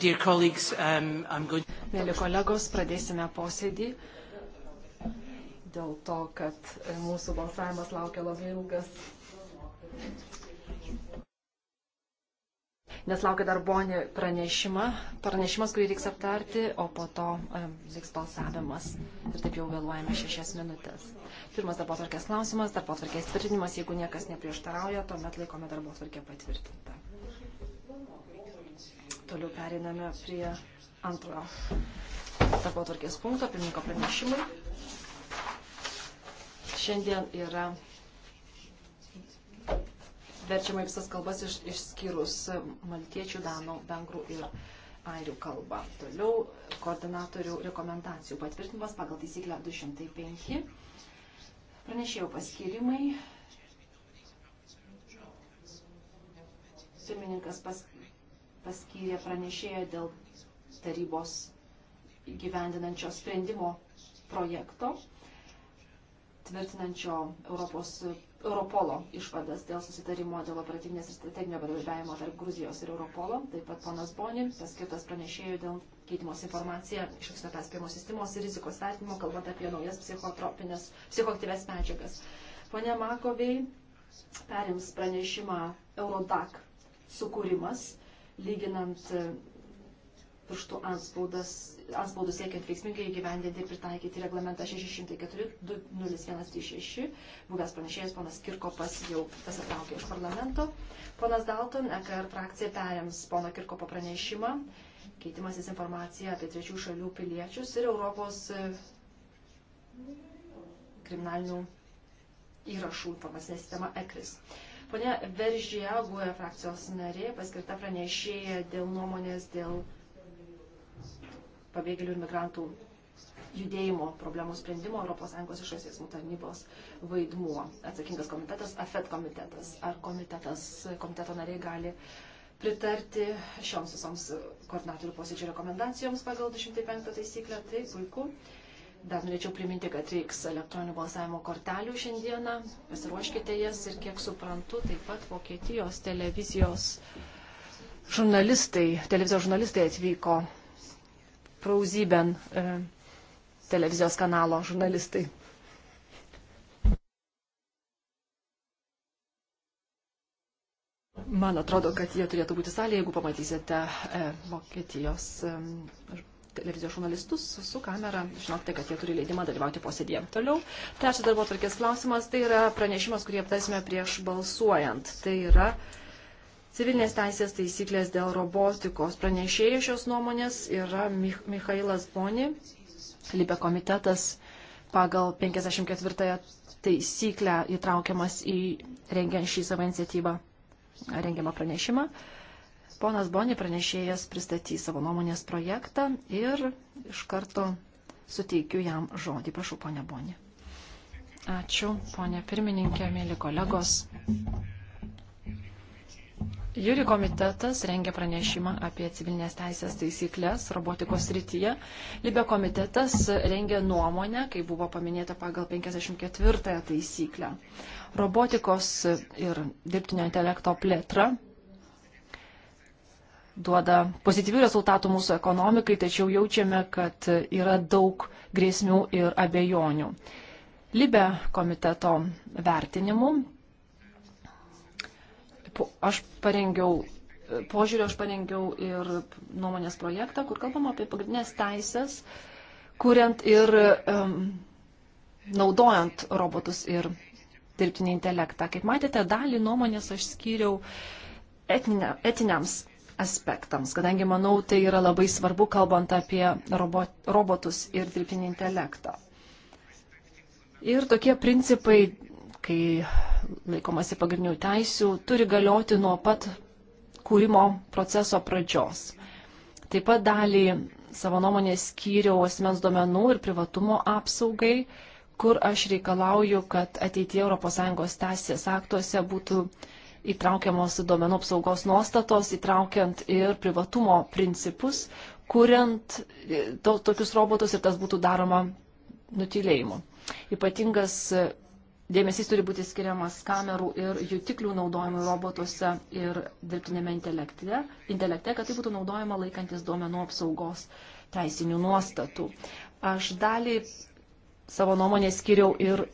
Um, Mėly kolegos, pradėsime posėdį dėl to, kad mūsų balsavimas laukia labai ilgas. Nes laukia dar bonė pranešima, pranešimas, kurį reiks aptarti, o po to um, vyks balsavimas. Ir taip jau vėluojame šešias minutės. Pirmas darbo tvarkės klausimas, darbo tvarkės tvirtinimas, jeigu niekas neprieštarauja, tuomet laikome darbo tvarkę patvirtintą. Toliau periname prie antrojo darbo tvarkės punkto, pirmininko pranešimai. Šiandien yra verčiama į visas kalbas iš, išskyrus maltiečių, danų, vengrų ir airių kalbą. Toliau koordinatorių rekomendacijų patvirtinimas pagal taisyklę 205. Pranešėjau paskirimai. Pirmininkas pas, paskyrė pranešėją dėl tarybos gyvendinančio sprendimo projekto, tvirtinančio Europos, Europolo išvadas dėl susitarimo dėl operatyvinės ir strateginio bendradarbiavimo tarp Gruzijos ir Europolo. Taip pat ponas Boni paskirtas pranešėjų dėl keitimos informacija iš anksto perspėjimo sistemos ir rizikos vertinimo, kalbant apie naujas psichotropinės, psichoktyves medžiagas. Pone Makoviai perims pranešimą Eurodac sukūrimas lyginant e, pirštų anspaudas, anspaudus siekiant veiksmingai įgyvendinti ir pritaikyti reglamentą 604-20136. Buvęs pranešėjas ponas Kirkopas jau pasitraukė iš parlamento. Ponas Dalton, EKR frakcija perėms pono Kirkopo pranešimą, keitimasis informacija apie trečių šalių piliečius ir Europos e, kriminalinių įrašų informacinė sistema ECRIS. Pone Veržyje, GUE frakcijos narė, paskirta pranešėja dėl nuomonės dėl pabėgėlių ir migrantų judėjimo problemų sprendimo ES išorės teismų tarnybos vaidmuo. Atsakingas komitetas, AFET komitetas. Ar komitetas, komiteto nariai gali pritarti šioms visoms koordinatorių posėdžio rekomendacijoms pagal 205 taisyklę? Tai puiku. Tai, Dar norėčiau priminti, kad reiks elektroninių balsavimo kortelių šiandieną. Pasiruoškite jas ir kiek suprantu, taip pat Vokietijos televizijos žurnalistai, televizijos žurnalistai atvyko Prauzyben e, televizijos kanalo žurnalistai. Man atrodo, kad jie turėtų būti salėje, jeigu pamatysite e, Vokietijos e, televizijos žurnalistus su kamera. Žinote, kad jie turi leidimą dalyvauti posėdėje. Toliau, trečias darbo tvarkės klausimas, tai yra pranešimas, kurį aptarsime prieš balsuojant. Tai yra civilinės teisės taisyklės dėl robotikos. Pranešėjai šios nuomonės yra Mich Michailas Boni, Libė komitetas pagal 54 taisyklę įtraukiamas į rengiant šį savo iniciatyvą rengiamą pranešimą. Ponas Boni pranešėjas pristatys savo nuomonės projektą ir iš karto suteikiu jam žodį. Prašau, ponė Boni. Ačiū, ponė pirmininkė, mėly kolegos. Jūri komitetas rengia pranešimą apie civilinės teisės taisyklės robotikos rytyje. Libė komitetas rengia nuomonę, kai buvo paminėta pagal 54 taisyklę. Robotikos ir dirbtinio intelekto plėtra duoda pozityvių rezultatų mūsų ekonomikai, tačiau jaučiame, kad yra daug grėsmių ir abejonių. Libe komiteto vertinimu aš parengiau požiūrio, aš parengiau ir nuomonės projektą, kur kalbama apie pagrindinės teisės, kuriant ir um, naudojant robotus ir dirbtinį intelektą. Kaip matėte, dalį nuomonės aš skyriau etiniams aspektams, kadangi manau, tai yra labai svarbu, kalbant apie robot, robotus ir dirbtinį intelektą. Ir tokie principai, kai laikomasi pagrindinių teisių, turi galioti nuo pat kūrimo proceso pradžios. Taip pat dalį savo nuomonės skyriau asmens duomenų ir privatumo apsaugai, kur aš reikalauju, kad ateitie ES teisės aktuose būtų uh, įtraukiamos duomenų apsaugos nuostatos, įtraukiant ir privatumo principus, kuriant e, to, tokius robotus ir tas būtų daroma nutilėjimu. Ypatingas e, dėmesys turi būti skiriamas kamerų ir jutiklių naudojimui robotuose ir dirbtinėme intelekte, intelekte kad tai būtų naudojama laikantis duomenų apsaugos teisinių nuostatų. Aš dalį savo nuomonę skiriau ir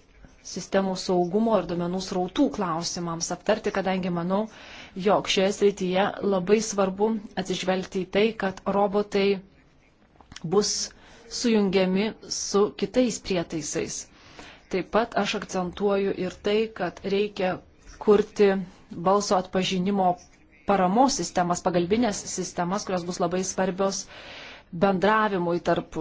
sistemų saugumo ir duomenų srautų klausimams aptarti, kadangi manau, jog šioje srityje labai svarbu atsižvelgti į tai, kad robotai bus sujungiami su kitais prietaisais. Taip pat aš akcentuoju ir tai, kad reikia kurti balso atpažinimo paramos sistemas, pagalbinės sistemas, kurios bus labai svarbios bendravimui tarp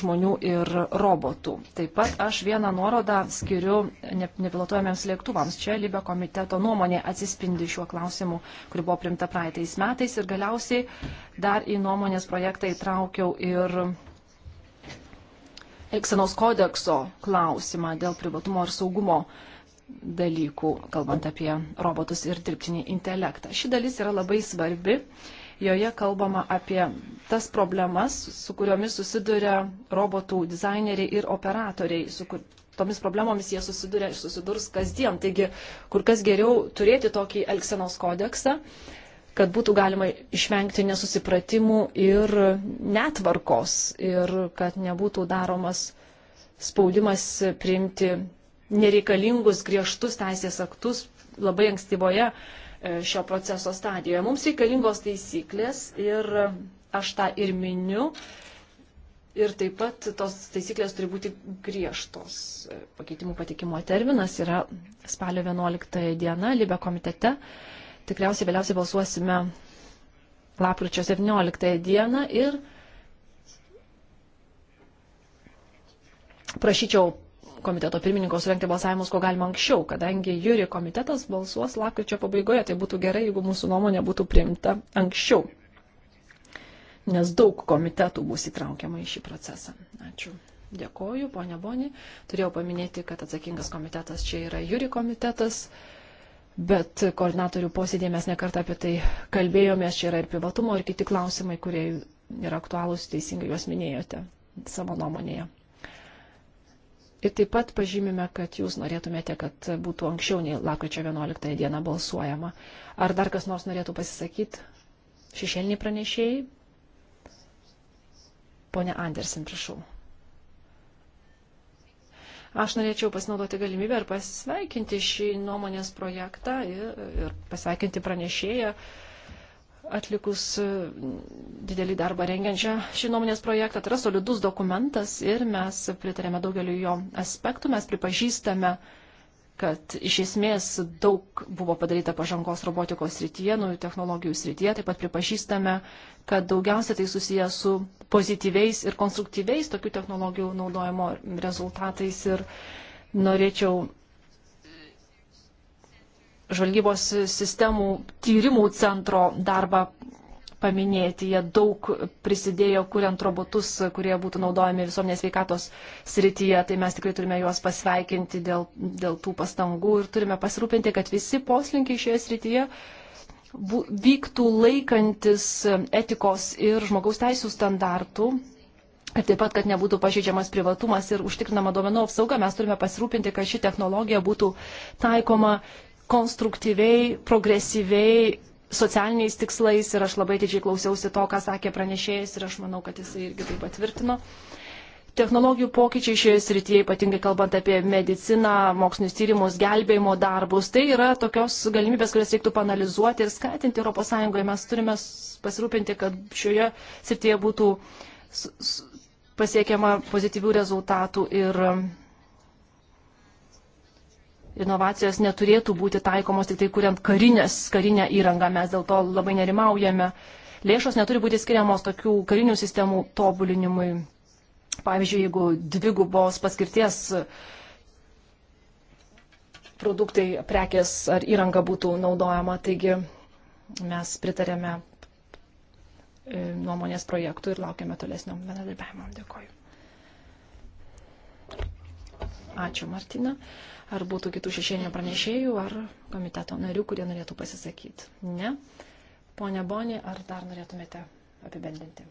žmonių ir robotų. Taip pat aš vieną nuorodą skiriu nepilotuojamiems lėktuvams. Čia Libė komiteto nuomonė atsispindi šiuo klausimu, kuri buvo primta praeitais metais. Ir galiausiai dar į nuomonės projektą įtraukiau ir Elksenos kodekso klausimą dėl privatumo ir saugumo dalykų, kalbant apie robotus ir dirbtinį intelektą. Ši dalis yra labai svarbi Joje kalbama apie tas problemas, su kuriomis susiduria robotų dizaineriai ir operatoriai, su kur, tomis problemomis jie susiduria ir susidurs kasdien. Taigi, kur kas geriau turėti tokį Elksenos kodeksą, kad būtų galima išvengti nesusipratimų ir netvarkos ir kad nebūtų daromas spaudimas priimti nereikalingus griežtus teisės aktus, labai ankstyvoje e, šio proceso stadijoje. Mums reikalingos taisyklės ir e, aš tą ir miniu. Ir taip pat tos taisyklės turi būti griežtos. E, pakeitimų patikimo terminas yra spalio 11 diena Libe komitete. Tikriausiai vėliausiai balsuosime lapkričio 17 dieną ir prašyčiau komiteto pirmininko surenkti balsavimus, ko galima anksčiau, kadangi Jūri komitetas balsuos lakryčio pabaigoje, tai būtų gerai, jeigu mūsų nuomonė būtų priimta anksčiau, nes daug komitetų bus įtraukiama į šį procesą. Ačiū. Dėkoju, ponia Boni. Turėjau paminėti, kad atsakingas komitetas čia yra Jūri komitetas bet koordinatorių posėdėje mes nekartą apie tai kalbėjomės, čia yra ir privatumo, ir kiti klausimai, kurie yra aktualūs, teisingai juos minėjote savo nuomonėje. Ir taip pat pažymime, kad jūs norėtumėte, kad būtų anksčiau nei lakryčio 11 dieną balsuojama. Ar dar kas nors norėtų pasisakyti? Šešėliniai pranešėjai? Pone Andersen, prašau. Aš norėčiau pasinaudoti galimybę ir pasveikinti šį nuomonės projektą ir, ir pasveikinti pranešėją. Uh, atlikus e, didelį darbą rengiančią šį nuomonės projektą. Tai yra solidus dokumentas ir mes pritarėme daugeliu jo aspektų. Mes pripažįstame, kad iš esmės daug buvo padaryta pažangos robotikos srityje, naujų technologijų srityje. Taip pat pripažįstame, kad daugiausia tai susiję su pozityviais ir konstruktyviais tokių technologijų naudojimo rezultatais. Ir norėčiau žvalgybos sistemų tyrimų centro darbą paminėti. Jie daug prisidėjo, kuriant robotus, kurie būtų naudojami visuomenės veikatos srityje. Tai mes tikrai turime juos pasveikinti dėl, dėl tų pastangų ir turime pasirūpinti, kad visi poslinkiai šioje srityje bu, vyktų laikantis etikos ir žmogaus teisų standartų. Ir taip pat, kad nebūtų pažeidžiamas privatumas ir užtikrinama duomenų apsauga, mes turime pasirūpinti, kad ši technologija būtų taikoma konstruktyviai, progresyviai, socialiniais tikslais ir aš labai didžiai klausiausi to, ką sakė pranešėjas ir aš manau, kad jisai irgi tai patvirtino. Technologijų pokyčiai šioje srityje, ypatingai kalbant apie mediciną, mokslinius tyrimus, gelbėjimo darbus, tai yra tokios galimybės, kurias reiktų panalizuoti ir skatinti ES. Mes turime pasirūpinti, kad šioje srityje būtų pasiekiama pozityvių rezultatų ir inovacijos neturėtų būti taikomos tik tai kuriant karinės, karinę įrangą. Mes dėl to labai nerimaujame. Lėšos neturi būti skiriamos tokių karinių sistemų tobulinimui. Pavyzdžiui, jeigu dvigubos paskirties produktai, prekės ar įranga būtų naudojama. Taigi mes pritarėme e, nuomonės projektų ir laukiame tolesnio bendradarbiavimo. Dėkoju. Ačiū, Martina. Ar būtų kitų šešėlinių pranešėjų ar komiteto narių, kurie norėtų pasisakyti? Ne. Pone Boni, ar dar norėtumėte apibendrinti?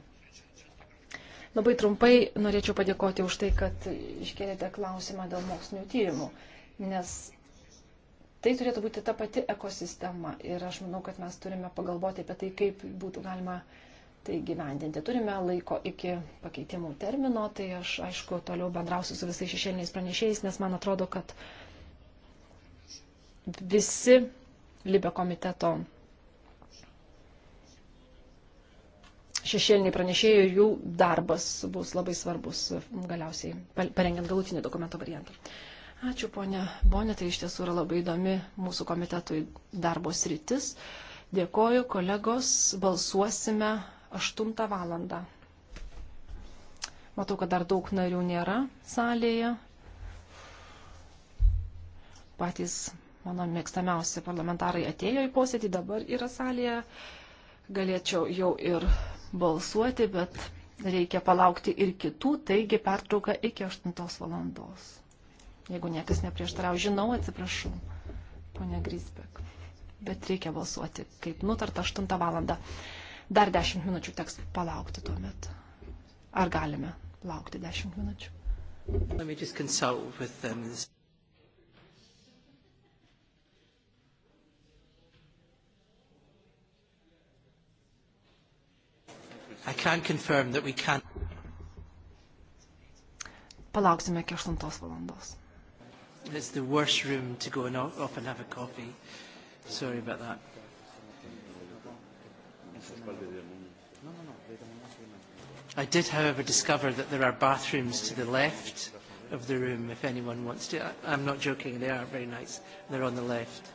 Labai trumpai norėčiau padėkoti už tai, kad iškėlėte klausimą dėl mokslinių tyrimų, nes tai turėtų būti ta pati ekosistema ir aš manau, kad mes turime pagalvoti apie tai, kaip būtų galima tai gyvendinti. Turime laiko iki pakeitimų termino, tai aš aišku toliau bendrausiu su visais šešėliniais pranešėjais, nes man atrodo, kad visi Libė komiteto šešėliniai pranešėjai ir jų darbas bus labai svarbus galiausiai parengiant galutinį dokumento variantą. Ačiū ponia Bonė, tai iš tiesų yra labai įdomi mūsų komitetui darbo sritis. Dėkoju, kolegos, balsuosime 8 valandą. Matau, kad dar daug narių nėra salėje. Patys mano mėgstamiausi parlamentarai atėjo į posėdį, dabar yra salėje. Galėčiau jau ir balsuoti, bet reikia palaukti ir kitų, taigi pertrauka iki 8 valandos. Jeigu niekas neprieštarau, žinau, atsiprašau, ponia Grisbek, bet reikia balsuoti, kaip nutarta 8 valandą. Dar 10 minučių teks palaukti tuomet. Ar galime laukti 10 minučių? Let me just consult with them. I can confirm that we can. Palauksime iki 8 valandos. It's the worst room to go and off and have a coffee. Sorry about that. I did, however, discover that there are bathrooms to the left of the room if anyone wants to. I, I'm not joking, they are very nice. They're on the left.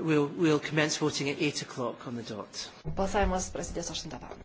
We'll, we'll commence voting at 8 o'clock on the dot. Balsavimas prasidės 8 val.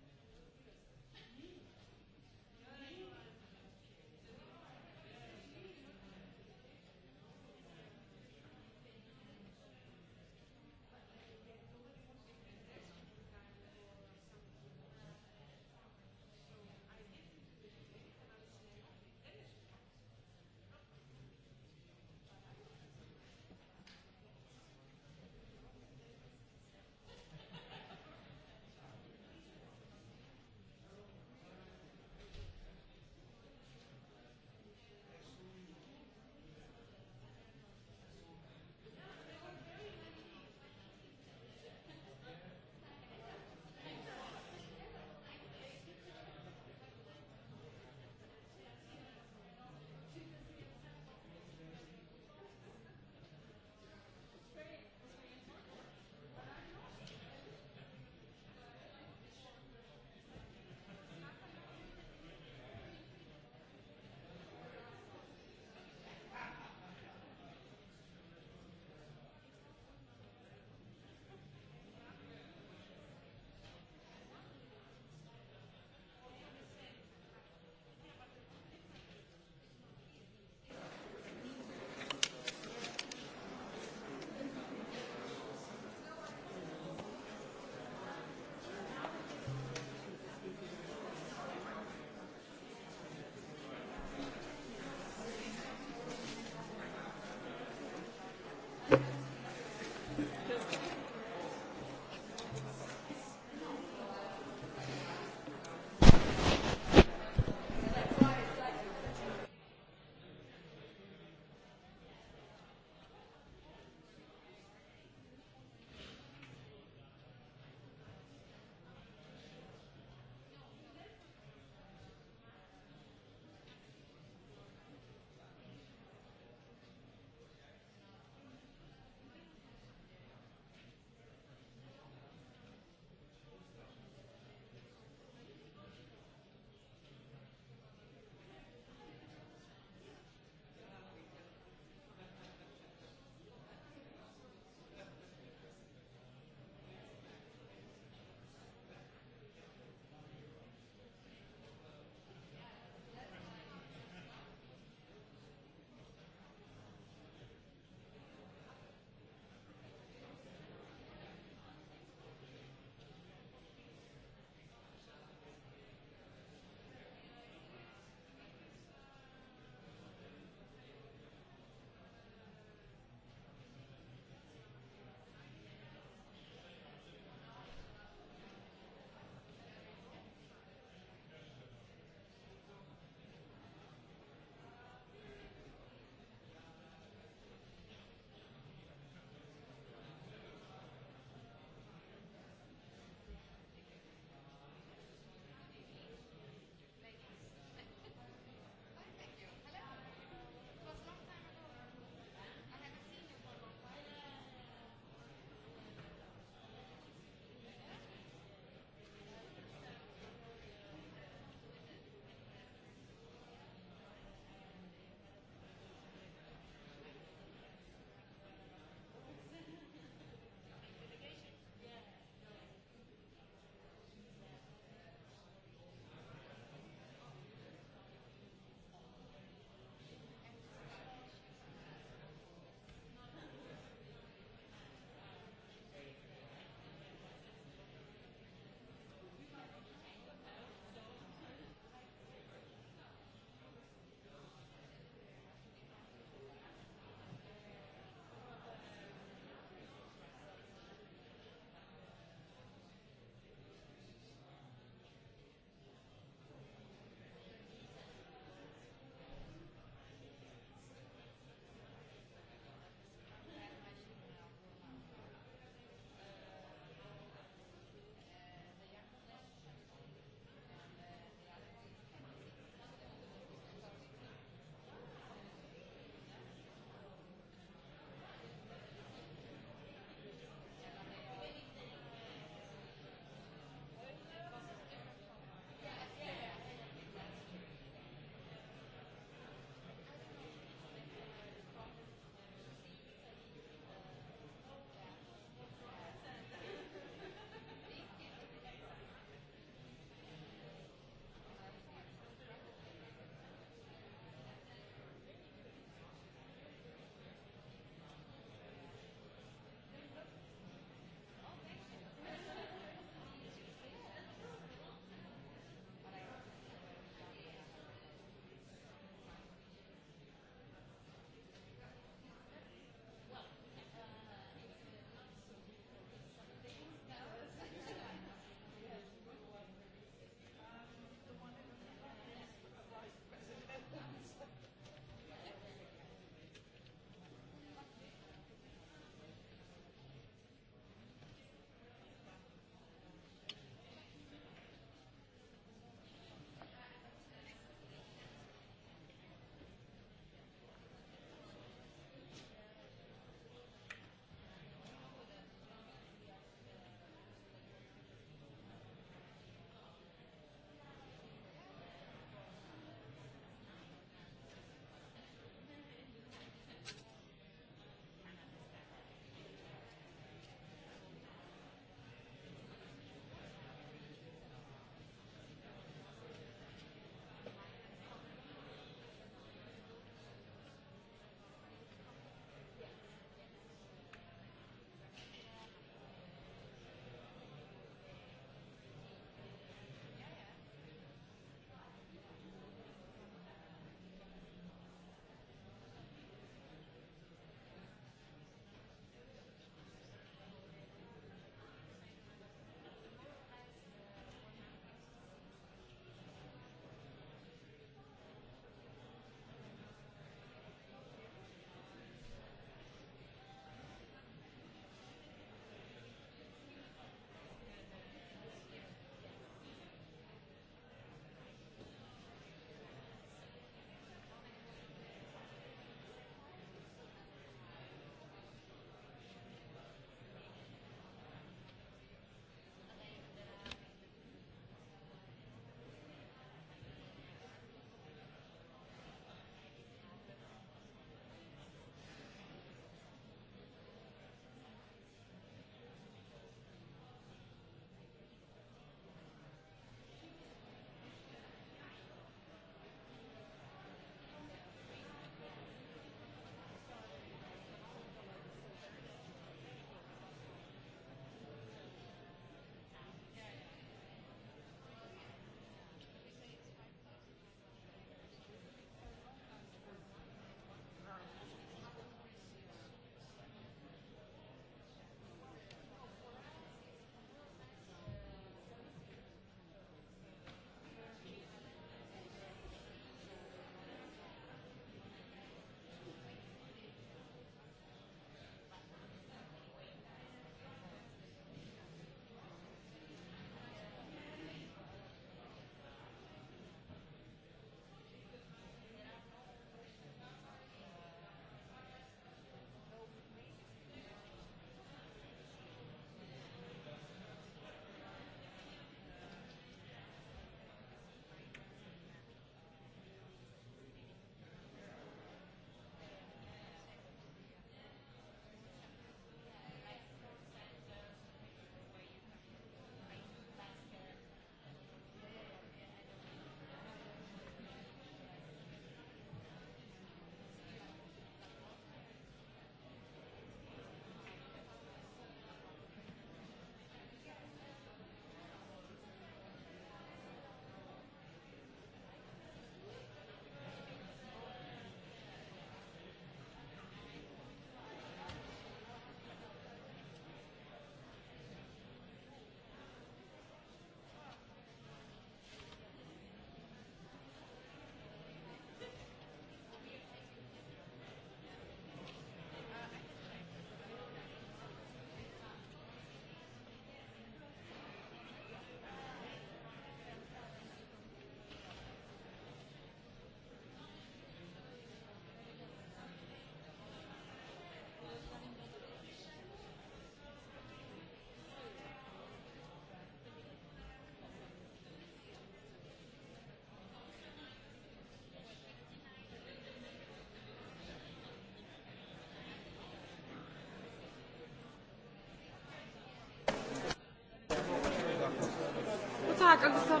Tak, ale został...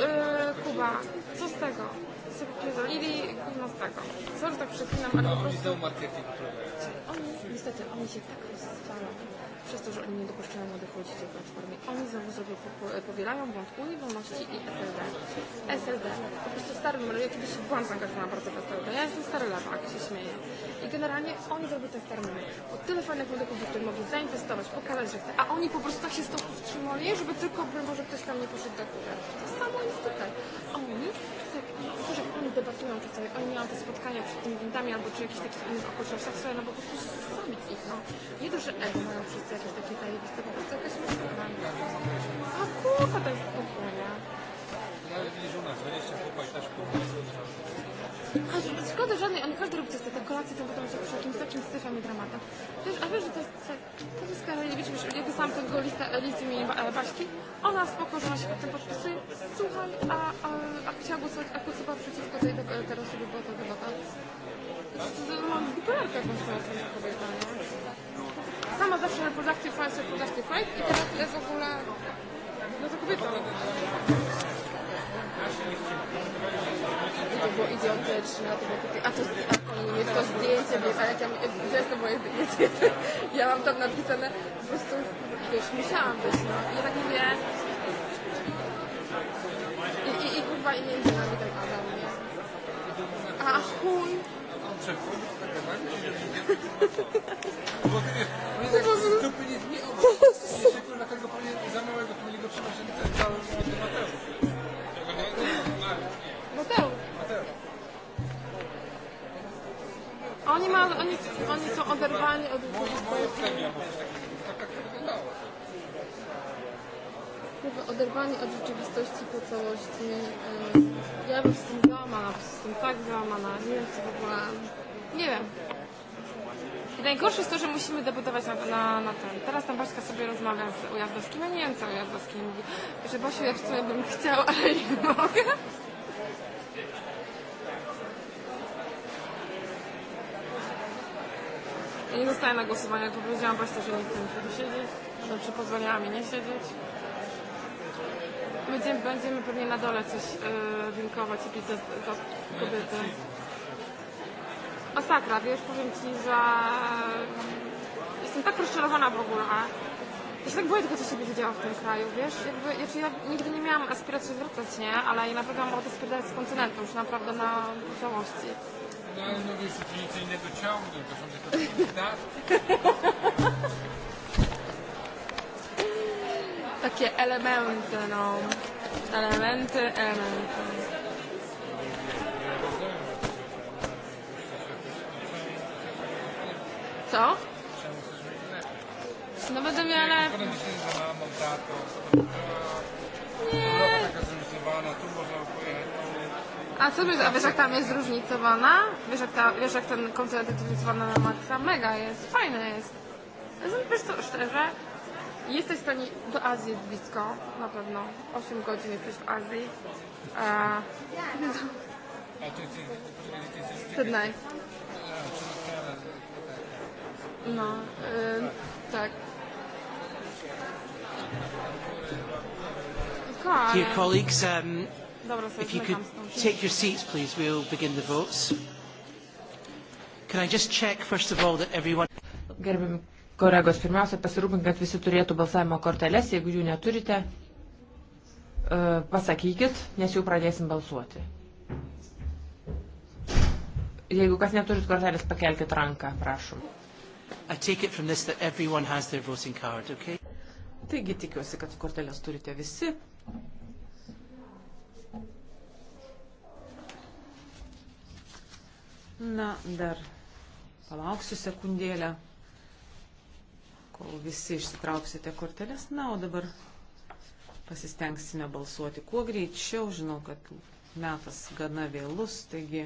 Yy, e, Kuba, co z tego? się wypierdolili i no z tego. Sorry, tak przeklinam, ale no, po prostu... Oni marketing Oni, niestety, oni się tak rozstaną przez to, że oni nie dopuszczają młodych ludzi do platformy. Oni zawodowo e, powielają błąd Unii Wolności i SLD. SLD. Po prostu stary numer. Ja kiedyś byłam zaangażowana bardzo w SLD. Ja jestem stary lewak, się śmieję. I generalnie oni zrobią ten stary numer. Bo tyle fajnych młodych ludzi, którzy mogli zainwestować, pokazać, że chce. A oni po prostu tak się z tą powstrzymali, żeby tylko, by może ktoś tam nie poszedł do góry. To samo jest tutaj. Oni tak niektórzy oni debatują czasami, oni mają te spotkania przed tymi windami albo przy jakichś takich innych okolicznościach, słuchaj, no po prostu zabić ich, no. Nie to, że ego mają wszyscy jakieś takie zajebiste, po prostu jakaś muzyka. A kurwa, to jest w ogóle, nie? No ale widzisz u nas, 20 chłopak też kurwa jest Aż szkoda żadnej, oni każdy robi te kolacje, to potem się przy jakimś takim syfem i dramatem. Wiesz, a wiesz, że to jest, to jest Karolewicz, już ja pisałam tego lista, listy mi e, Baśki, ona spoko, że ona się potem podpisuje, słuchaj, a, a, a chciała głosować, a głosowała przeciwko tej teraz sobie było to wygląda. Mam bipolarkę jakąś tą kobietę, nie? Sama zawsze reproductive fight, reproductive fight i teraz jest w ogóle, no to kobieta to było idiotyczne, to było takie, a to nie to zdjęcie, wiesz, ale jak ja, gdzie jest to moje zdjęcie? Ja mam tam napisane, po prostu, wiesz, musiałam być, no. I ja tak mówię, i, i, i kurwa, i między nami ten Adam, nie? A chuj! Po prostu, stupy nie zmienił. oni, ma, oni, oni są oderwani od rzeczywistości. Chyba oderwani od rzeczywistości po całości. E, ja bym jestem załamana, jestem tak załamana. Nie wiem, co w ogóle... Nie wiem. I najgorsze jest to, że musimy debutować na, na, na ten. Teraz tam Baśka sobie rozmawia z Ujazdowskim. Ja nie wiem, co Ujazdowski mówi. Że Basiu, ja w sumie bym chciał, ale nie mogę. nie zostaję na głosowanie, to powiedziałam Państwu, że nie chcę tu siedzieć, że przy pozwoliła mi nie siedzieć. Będziemy, będziemy pewnie na dole coś yy, e, linkować i pisać do kobiety. Masakra, wiesz, powiem Ci, że jestem tak rozczarowana w ogóle. Ja się tak boję tylko, co się będzie działo w tym kraju, wiesz? Jakby, znaczy ja nigdy nie miałam aspiracji wracać, nie? Ale ja naprawdę mam ochotę sprzedać z kontynentu, już naprawdę na całości idealnie wiesz, ci nic innego ciągnie, to są tylko takie Takie elementy, no. Elementy, elementy. Co? No będę miała... Nie. Europa taka zróżnicowana, tu A co wiesz, a wiesz jak tam jest zróżnicowana? Wiesz jak, ta, wiesz, jak ten koncert jest zróżnicowany na maksa? Mega jest, fajny jest. Wiesz co, szczerze, jesteś w stanie, do Azji jest blisko, na pewno. 8 godzin jesteś w Azji. E, a, Sydney. No, yy, tak. Dear colleagues, um, Dobro, If you could take your seats, please, we'll begin the votes. Can I just check, first of all, that everyone... Gerbim kolegos, pirmiausia, pasirūpink, kad visi turėtų balsavimo korteles, jeigu jų neturite, e, pasakykit, nes jau pradėsim balsuoti. Jeigu kas neturit kortelės, pakelkit ranką, prašom. This, card, okay? Taigi tikiuosi, kad kortelės turite visi. Na, dar palauksiu sekundėlę, kol visi išsitrauksite korteles. Na, o dabar pasistengsime balsuoti kuo greičiau. Žinau, kad metas gana vėlus, taigi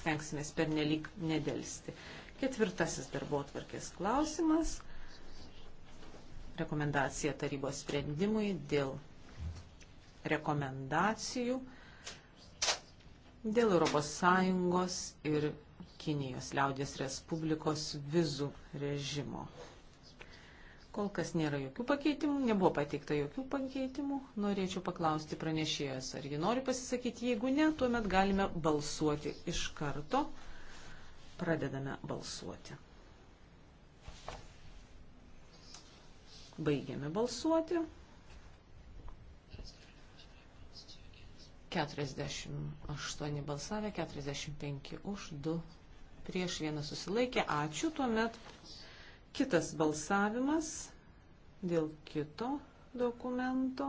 stengsime per nelik nedelsti. Ketvirtasis darbo atvarkės klausimas. Rekomendacija tarybos sprendimui dėl rekomendacijų dėl ES ir Kinijos liaudės Respublikos vizų režimo. Kol kas nėra jokių pakeitimų, nebuvo pateikta jokių pakeitimų. Norėčiau paklausti pranešėjas, ar ji nori pasisakyti. Jeigu ne, tuomet galime balsuoti iš karto. Pradedame balsuoti. Baigiame balsuoti. 48 balsavę, 45 už, 2 prieš vieną susilaikė. Ačiū. Tuomet kitas balsavimas dėl kito dokumento.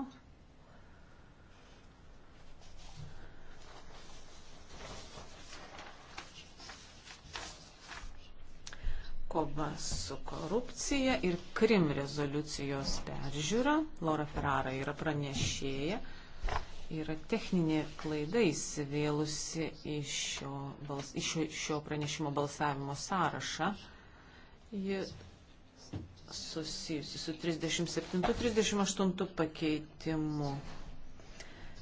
kova su korupcija ir Krim rezoliucijos peržiūra. Laura Ferrara yra pranešėja yra techninė klaida įsivėlusi į šio, bals, į šio, šio pranešimo balsavimo sąrašą. Ji susijusi su 37-38 pakeitimu.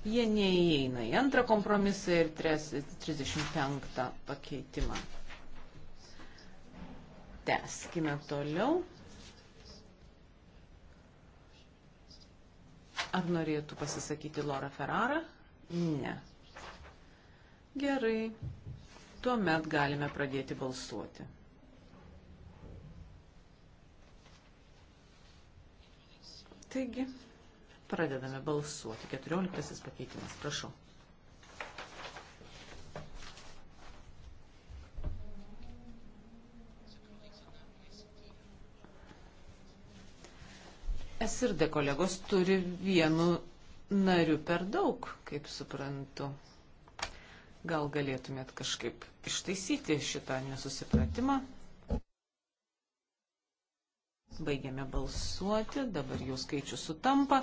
Jie neįeina į antrą kompromisą ir 35 pakeitimą. Teskime toliau. Ar norėtų pasisakyti Laura Ferrara? Ne. Gerai. Tuomet galime pradėti balsuoti. Taigi, pradedame balsuoti. 14 pakeitimas. Prašau. SRD kolegos turi vienu nariu per daug, kaip suprantu. Gal galėtumėt kažkaip ištaisyti šitą nesusipratimą? Baigiame balsuoti, dabar jų skaičius sutampa.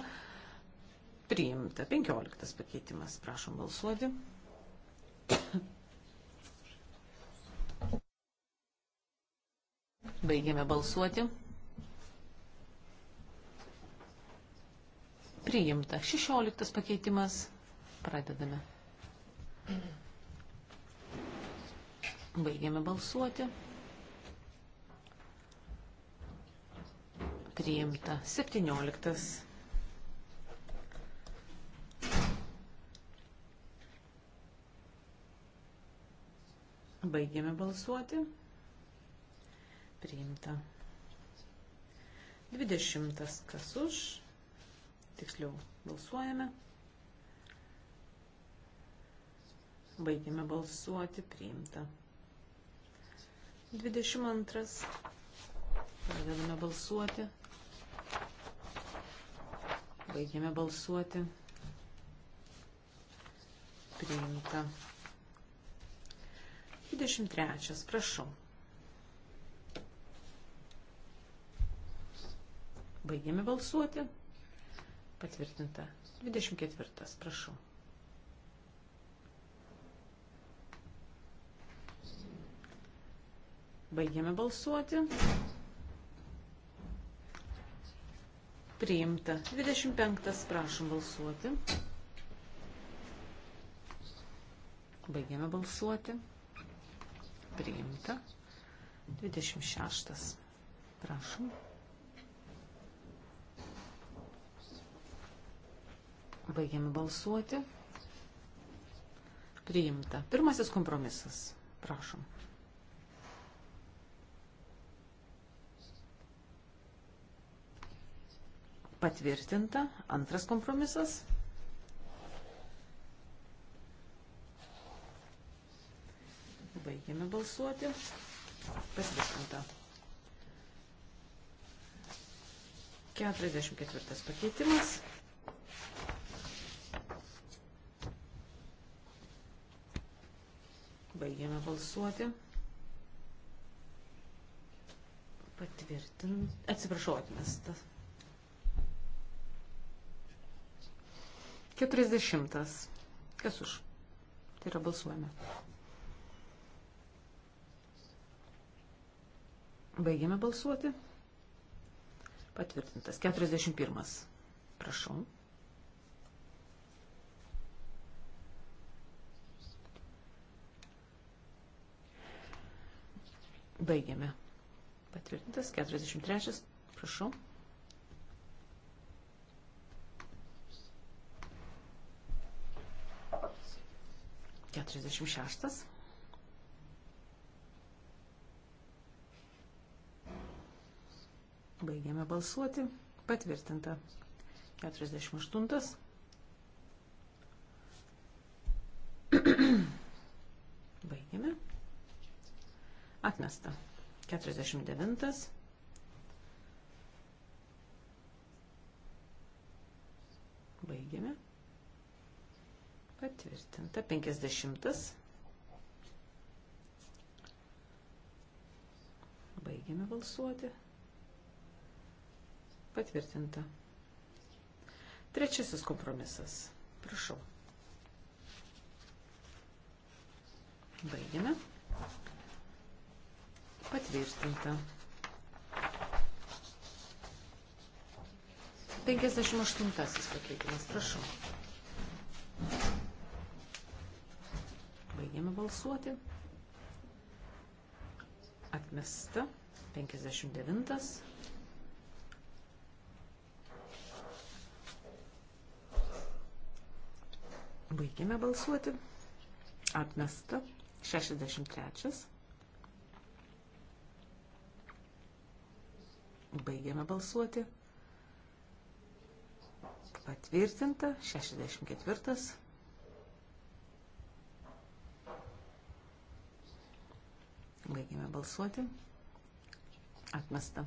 Priimta 15 pakeitimas, prašom balsuoti. Baigiame balsuoti. Priimta. 16 pakeitimas. Pradedame. Baigiame balsuoti. Priimta. 17. Baigiame balsuoti. Priimta. 20. Kas už? tiksliau balsuojame. Baigėme balsuoti, priimta. 22. Pradedame balsuoti. Baigėme balsuoti. Priimta. 23. Prašau. Baigėme balsuoti. Patvirtinta. 24. Prašau. Baigėme balsuoti. Priimta. 25. Prašom balsuoti. Baigėme balsuoti. Priimta. 26. Prašom. Baigiame balsuoti. Priimta. Pirmasis kompromisas. Prašom. Patvirtinta. Antras kompromisas. Baigiame balsuoti. Patvirtinta. 44 pakeitimas. Baigiame balsuoti. Patvirtint. Atsiprašau, atmestas. 40. Kas už? Tai yra balsuojame. Baigiame balsuoti. Patvirtintas. 41. Prašau. Baigiame. Patvirtintas 43. Prašau. Keturiasdešimt šeštas. Baigiame balsuoti. Patvirtinta. Keturiasdešimt aštuntas. Baigiame. Atmesta. 49. Baigėme. Patvirtinta. 50. Baigėme balsuoti. Patvirtinta. Trečiasis kompromisas. Prašau. Baigėme. Patvirtinta. 58 pakeitimas, prašau. Baigėme balsuoti. Atmesta. 59. Baigėme balsuoti. Atmesta. 63. Baigiame balsuoti. Patvirtinta 64. Baigiame balsuoti. Atmesta.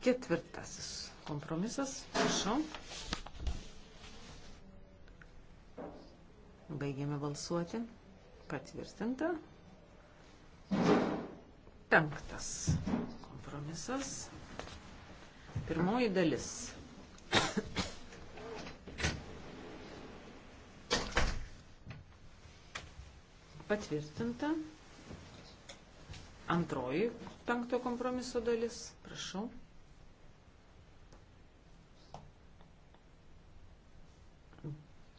Ketvirtasis kompromisas. Prašau. Baigiame balsuoti. Patvirtinta. Penktas kompromisas. Pirmoji dalis. Patvirtinta. Antroji penkto kompromiso dalis. Prašau.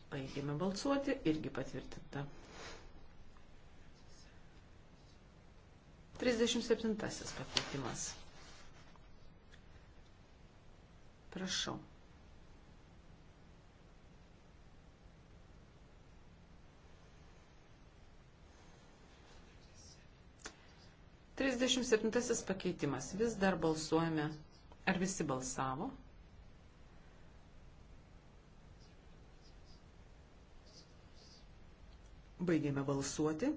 Baigėme balsuoti, irgi patvirtinta. 37 pakeitimas. Prašau. Trisdešimt septintasis pakeitimas. Vis dar balsuojame. Ar visi balsavo? Baigėme balsuoti.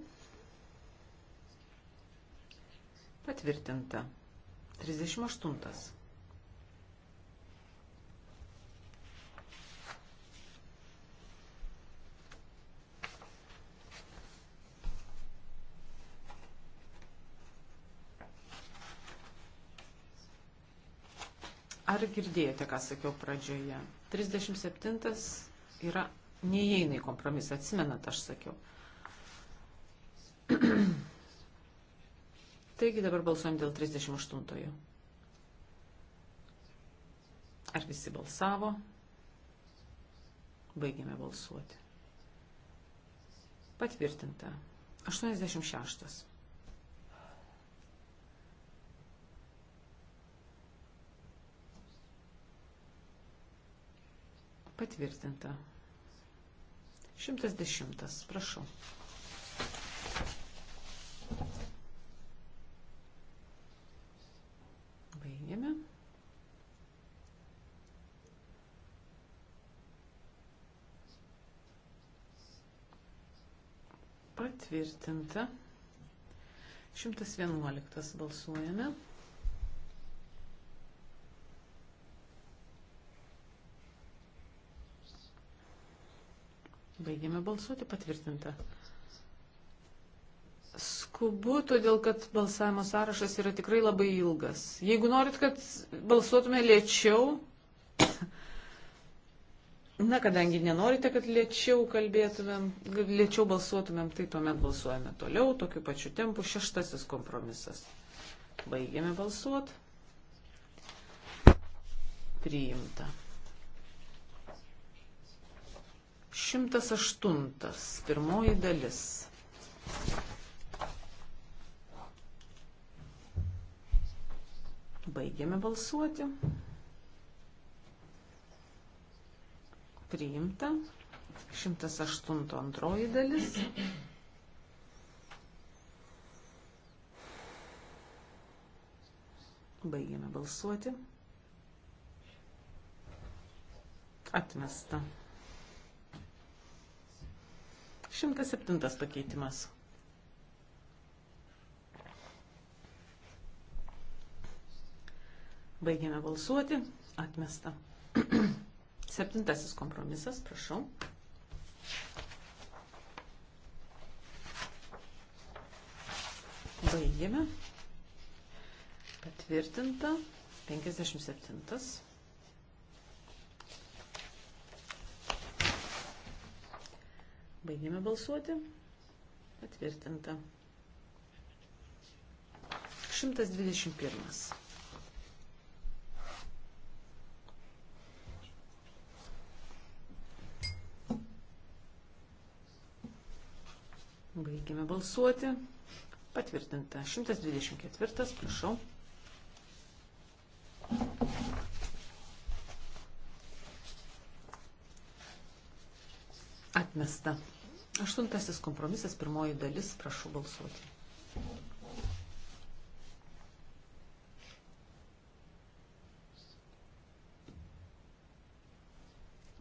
Patvirtinta. 38. Ar girdėjote, ką sakiau pradžioje? 37 yra neįeina į kompromisą, atsimenat, aš sakiau. Taigi dabar balsuojam dėl 38. Ar visi balsavo? Baigėme balsuoti. Patvirtinta. 86. Patvirtinta. 110. Prašau. Baigėme. Patvirtinta. 111 balsuojame. Baigėme balsuoti patvirtinta. Skubu, todėl kad balsavimo sąrašas yra tikrai labai ilgas. Jeigu norit, kad balsuotume lėčiau, na, kadangi nenorite, kad lėčiau kalbėtumėm, lėčiau balsuotumėm, tai tuomet balsuojame toliau, tokiu pačiu tempu, šeštasis kompromisas. Baigėme balsuoti. Priimta. 108. Pirmoji dalis. Baigiame balsuoti. Priimta. 108 antroji dalis. Baigiame balsuoti. Atmesta. 107 pakeitimas. Baigėme balsuoti. Atmesta. Septintasis kompromisas, prašau. Baigėme. Patvirtinta. 57. Baigėme balsuoti. Patvirtinta. 121. Baigėme balsuoti. Patvirtinta. 124. Prašau. Atmesta. Aštuntasis kompromisas, pirmoji dalis, prašau balsuoti.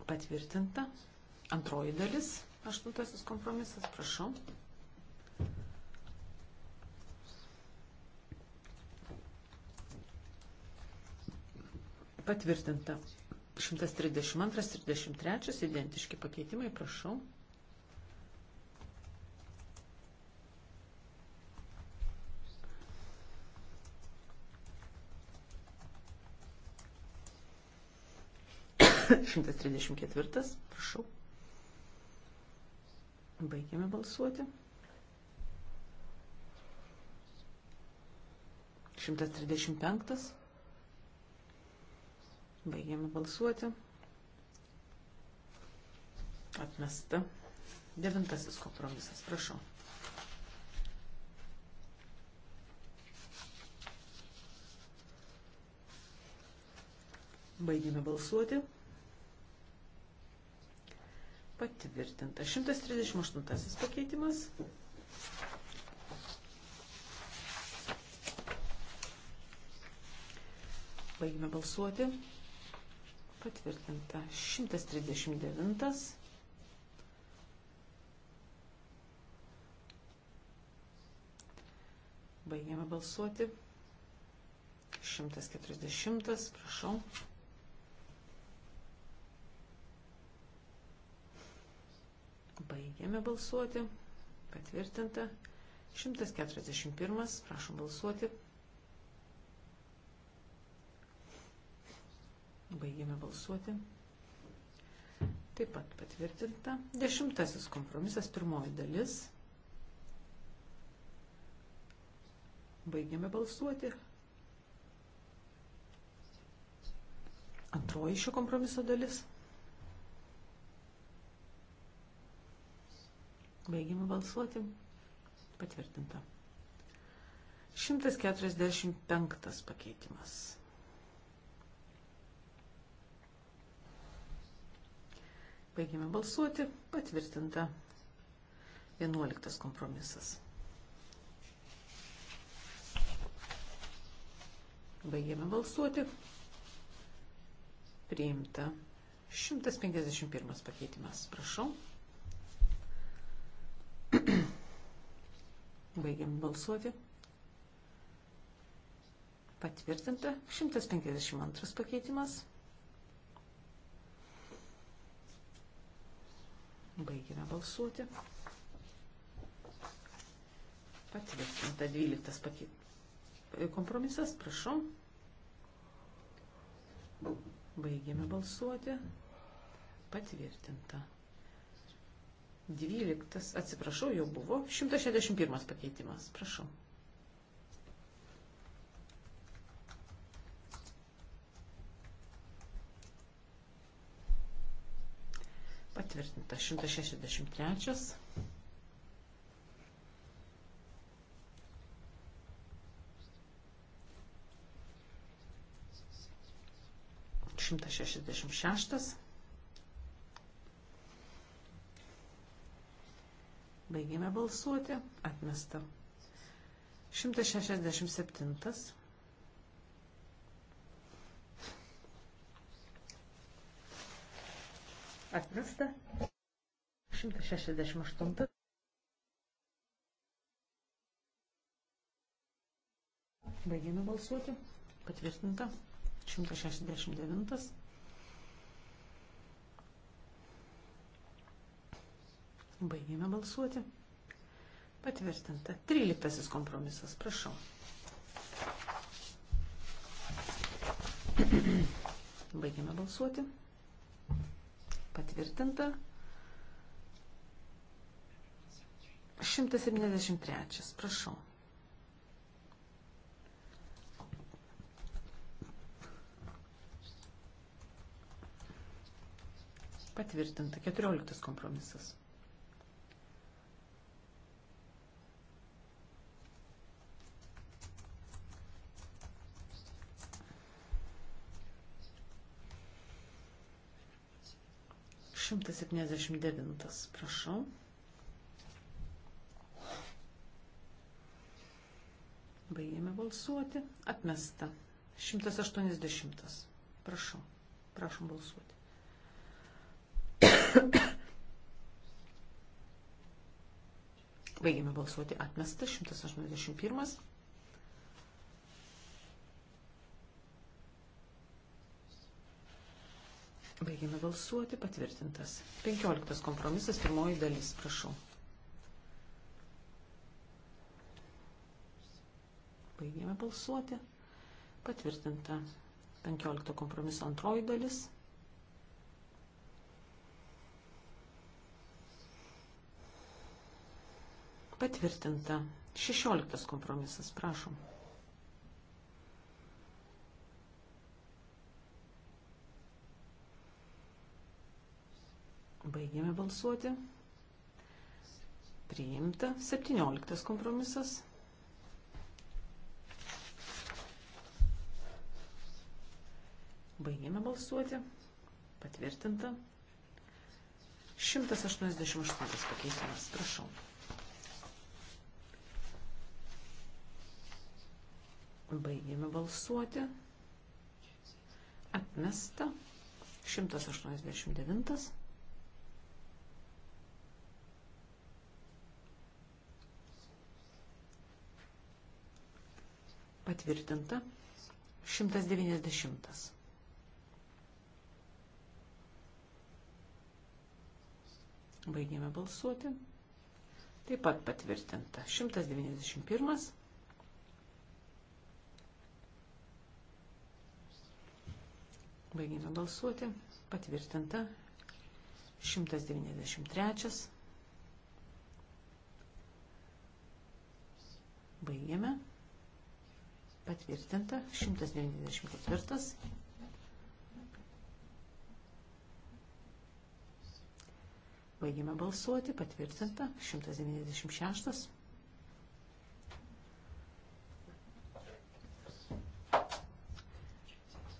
Patvirtinta. Antroji dalis, aštuntasis kompromisas, prašau. Patvirtinta. 132, 133 identiški pakeitimai, prašau. 134. Prašau. Baigiame balsuoti. 135. Baigiame balsuoti. Atmesta. Devintasis kompromisas. Prašau. Baigiame balsuoti. Patvirtinta. 138 pakeitimas. Baigime balsuoti. Patvirtinta. 139. Baigėme balsuoti. 140. Prašau. Baigiame balsuoti. Patvirtinta. 141. Prašom balsuoti. Baigiame balsuoti. Taip pat patvirtinta. Dešimtasis kompromisas, pirmoji dalis. Baigiame balsuoti. Antroji šio kompromiso dalis. Baigiame balsuoti. Patvirtinta. 145 pakeitimas. Baigiame balsuoti. Patvirtinta. 11 kompromisas. Baigėme balsuoti. Priimta 151 pakeitimas. Prašau. Baigiam balsuoti. Patvirtinta 152 pakeitimas. Baigime balsuoti. Patvirtinta 12 pakeitimas. E, kompromisas, prašau. Baigėme balsuoti. Patvirtinta. 12, atsiprašau, jau buvo 161 pakeitimas, prašau. Patvirtinta 163. Šimtas šešiasdešimt šeštas. Baigėme balsuoti. Atmesta. 167. Atmesta. 168. Baigėme balsuoti. Patvirtinta. 169. Baigėme balsuoti. Patvirtinta. 13 kompromisas. Prašau. Baigėme balsuoti. Patvirtinta. 173. Prašau. Patvirtinta. 14 kompromisas. 179. Prašau. Baigėme balsuoti. Atmesta. 180. Prašau. Prašom balsuoti. Baigėme balsuoti. Atmesta. 181. Baigėme balsuoti, patvirtintas. 15 kompromisas, pirmoji dalis, prašau. Baigėme balsuoti, patvirtinta. 15 kompromiso antroji dalis. Patvirtinta. 16 kompromisas, prašom. Baigėme balsuoti. Priimta. 17 kompromisas. Baigėme balsuoti. Patvirtinta. 188 pakeisimas. Prašau. Baigėme balsuoti. Atmesta. 189. patvirtinta. 190. Baigėme balsuoti. Taip pat patvirtinta. 191. Baigėme balsuoti. Patvirtinta. 193. Baigėme. Patvirtinta. 194. Baigėme balsuoti. Patvirtinta. 196.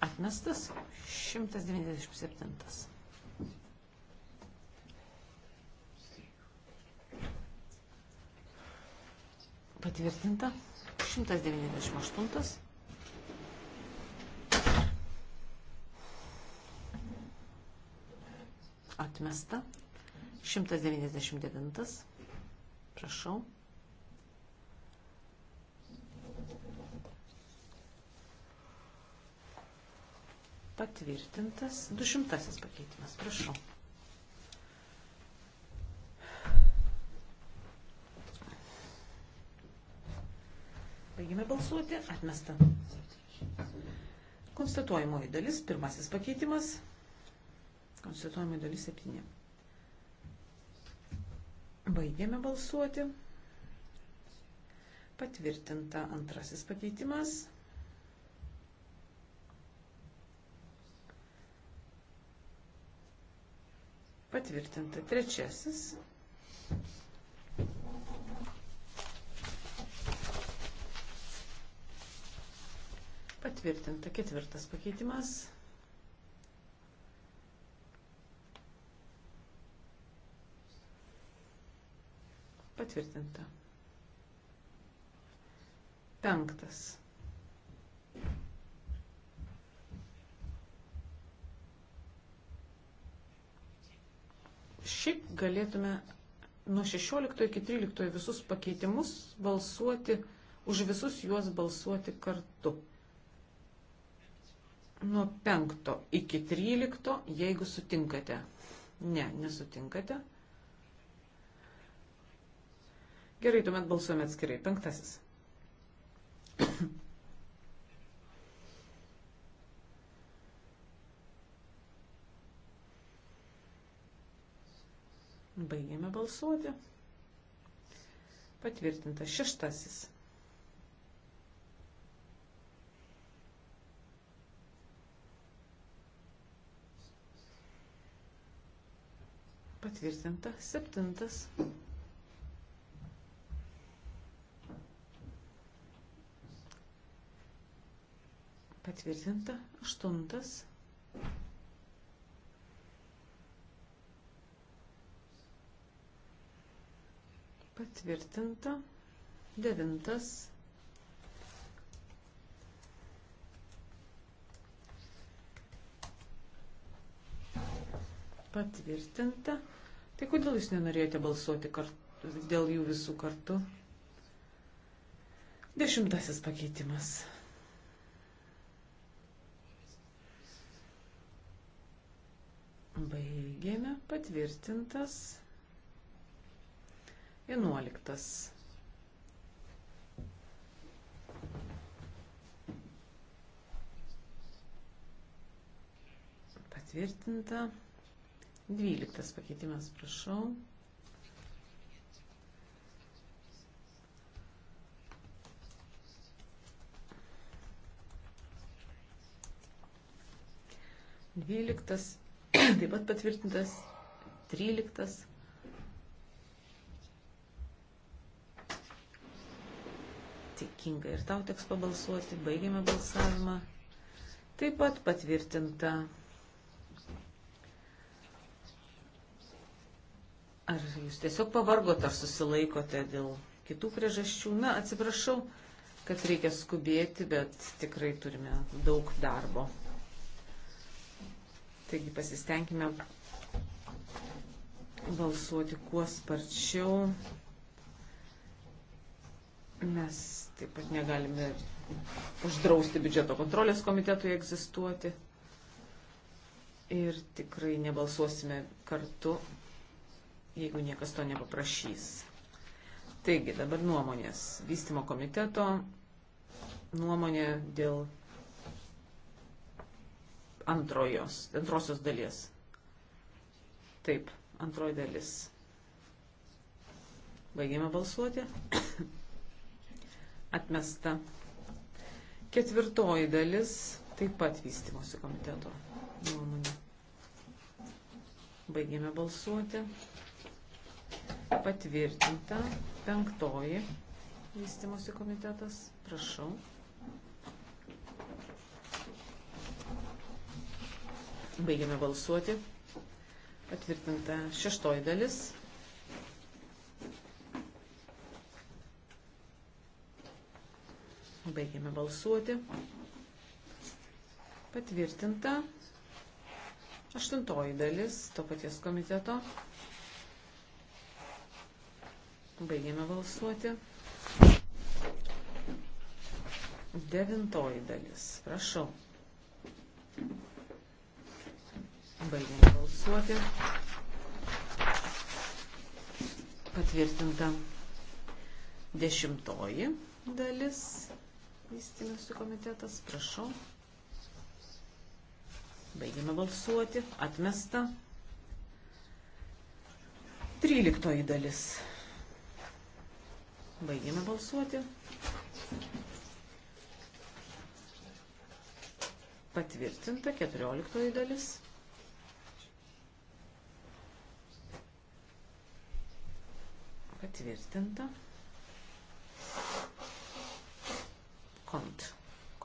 Atmestas. 197. Patvirtinta. 198. Atmesta. 199. Prašau. Patvirtintas. 200 pakeitimas. Prašau. Baigiame balsuoti. Atmesta. Konstatuojamoji dalis. Pirmasis pakeitimas. Konstatuojamoji dalis 7. Baigiame balsuoti. Patvirtinta antrasis pakeitimas. Patvirtinta trečiasis. Patvirtinta ketvirtas pakeitimas. Patvirtinta. Penktas. Šiaip galėtume nuo 16 iki 13 visus pakeitimus balsuoti, už visus juos balsuoti kartu nuo 5 iki 13, jeigu sutinkate. Ne, nesutinkate. Gerai, tuomet balsuojame atskirai. Penktasis. Baigėme balsuoti. Patvirtinta šeštasis. Patvirtinta. Septintas. Patvirtinta. Aštuntas. Patvirtinta. Devintas. Patvirtinta. Tai kodėl jūs nenorėjote balsuoti kartu, dėl jų visų kartu? Dešimtasis pakeitimas. Baigėme. Patvirtintas. Vienuoliktas. Patvirtinta. Dvyliktas pakeitimas, prašau. Dvyliktas, taip pat patvirtintas. Tryliktas. Tikinga ir tau teks pabalsuoti. Baigėme balsavimą. Taip pat patvirtinta. Ar jūs tiesiog pavargot, ar susilaikote dėl kitų priežasčių? Na, atsiprašau, kad reikia skubėti, bet tikrai turime daug darbo. Taigi pasistengime balsuoti kuo sparčiau. Mes taip pat negalime uždrausti biudžeto kontrolės komitetui egzistuoti. Ir tikrai nebalsuosime kartu jeigu niekas to nepaprašys. Taigi, dabar nuomonės. Vystimo komiteto nuomonė dėl antrojos, antrosios dalies. Taip, antroji dalis. Baigėme balsuoti. Atmesta. Ketvirtoji dalis taip pat vystimosi komiteto nuomonė. Baigėme balsuoti patvirtinta. Penktoji vystimosi komitetas. Prašau. Baigiame balsuoti. Patvirtinta šeštoji dalis. Baigiame balsuoti. Patvirtinta aštuntoji dalis to paties komiteto. Baigėme balsuoti. Devintoji dalis. Prašau. Baigėme balsuoti. Patvirtinta dešimtoji dalis. Vystymėsiu komitetas. Prašau. Baigėme balsuoti. Atmesta. Tryliktoji dalis. Baigėme balsuoti. Patvirtinta 14 dalis. Patvirtinta. Kont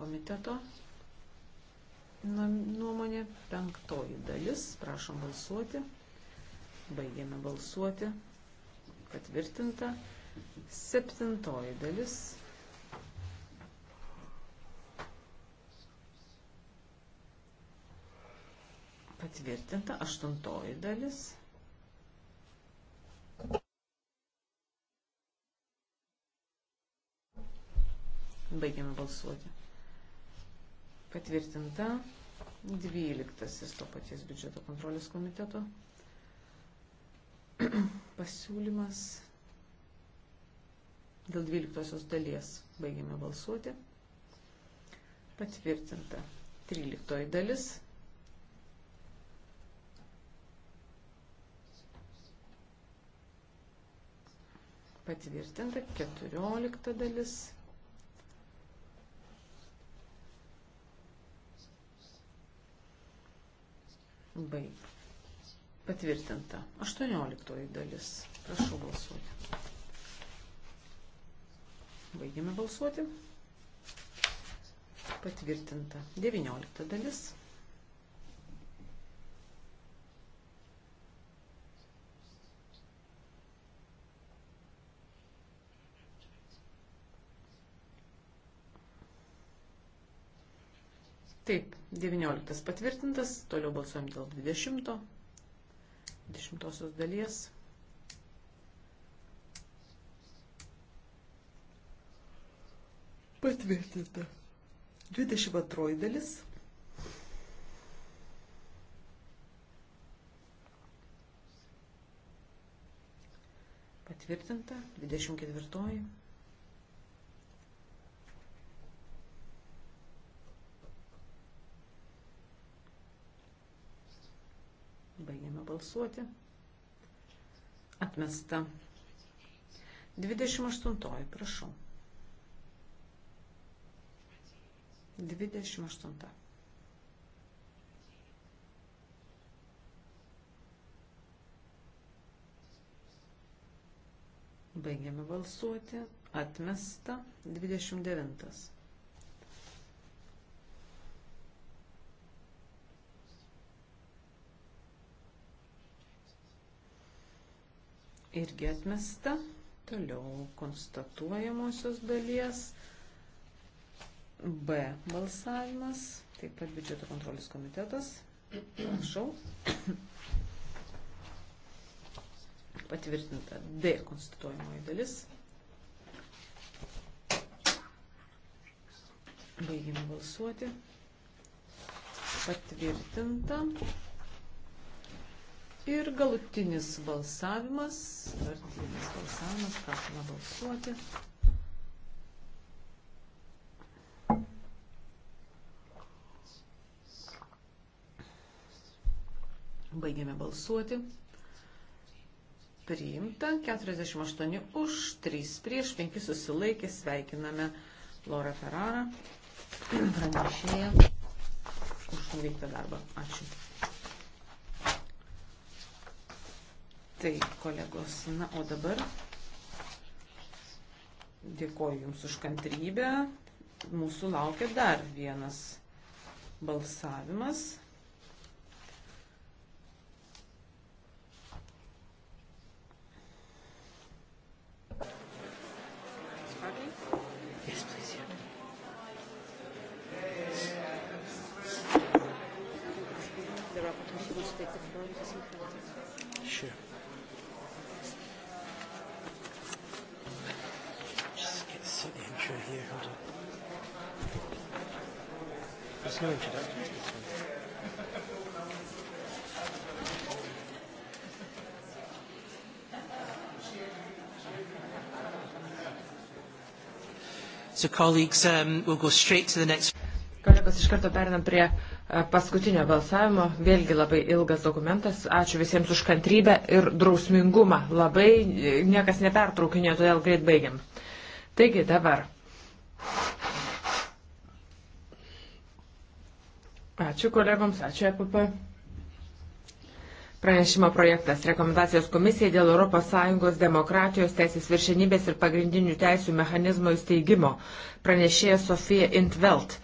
komiteto nuomonė penktoji dalis. Prašom balsuoti. Baigėme balsuoti. Patvirtinta. Septintoji dalis. Patvirtinta aštuntoji dalis. Baigiame balsuoti. Patvirtinta 12 to paties biudžeto kontrolės komiteto pasiūlymas. Dėl 12 dalies baigiame balsuoti. Patvirtinta. 13 dalis. Patvirtinta 14 dalis. Baig. Patvirtinta 18 dalis. Prašau balsuoti. Baigiame balsuoti. Patvirtinta. 19 dalis. Taip, 19 patvirtintas, toliau balsuojam dėl 20, 20 dalies. Patvirtinta. 22 dalis. Patvirtinta. 24. Baigiame balsuoti. Atmesta. 28. Prašau. 28. Baigiame balsuoti. Atmesta 29. Irgi atmesta. Toliau konstatuojamosios dalies. B balsavimas, taip pat biudžeto kontrolės komitetas. Prašau. Patvirtinta D konstituojamoji dalis. Baigiame balsuoti. Patvirtinta. Ir galutinis balsavimas, vardinis balsavimas, prašome balsuoti. Baigėme balsuoti. Priimta 48 už 3 prieš 5 susilaikė. Sveikiname Laura Ferrara, pranešėją, už nuveiktą darbą. Ačiū. Tai, kolegos, na, o dabar dėkoju Jums už kantrybę. Mūsų laukia dar vienas balsavimas. Colleagues, um, we'll go straight to the next. Kolegos, iš karto perinam prie e, paskutinio balsavimo. Vėlgi labai ilgas dokumentas. Ačiū visiems už kantrybę ir drausmingumą. Labai e, niekas nepertraukinė, todėl greit baigiam. Taigi dabar. Ačiū kolegoms, ačiū EPP. Pranešimo projektas - rekomendacijos komisijai dėl ES demokratijos teisės viršenybės ir pagrindinių teisų mechanizmo įsteigimo. Pranešėja Sofija Intvelt.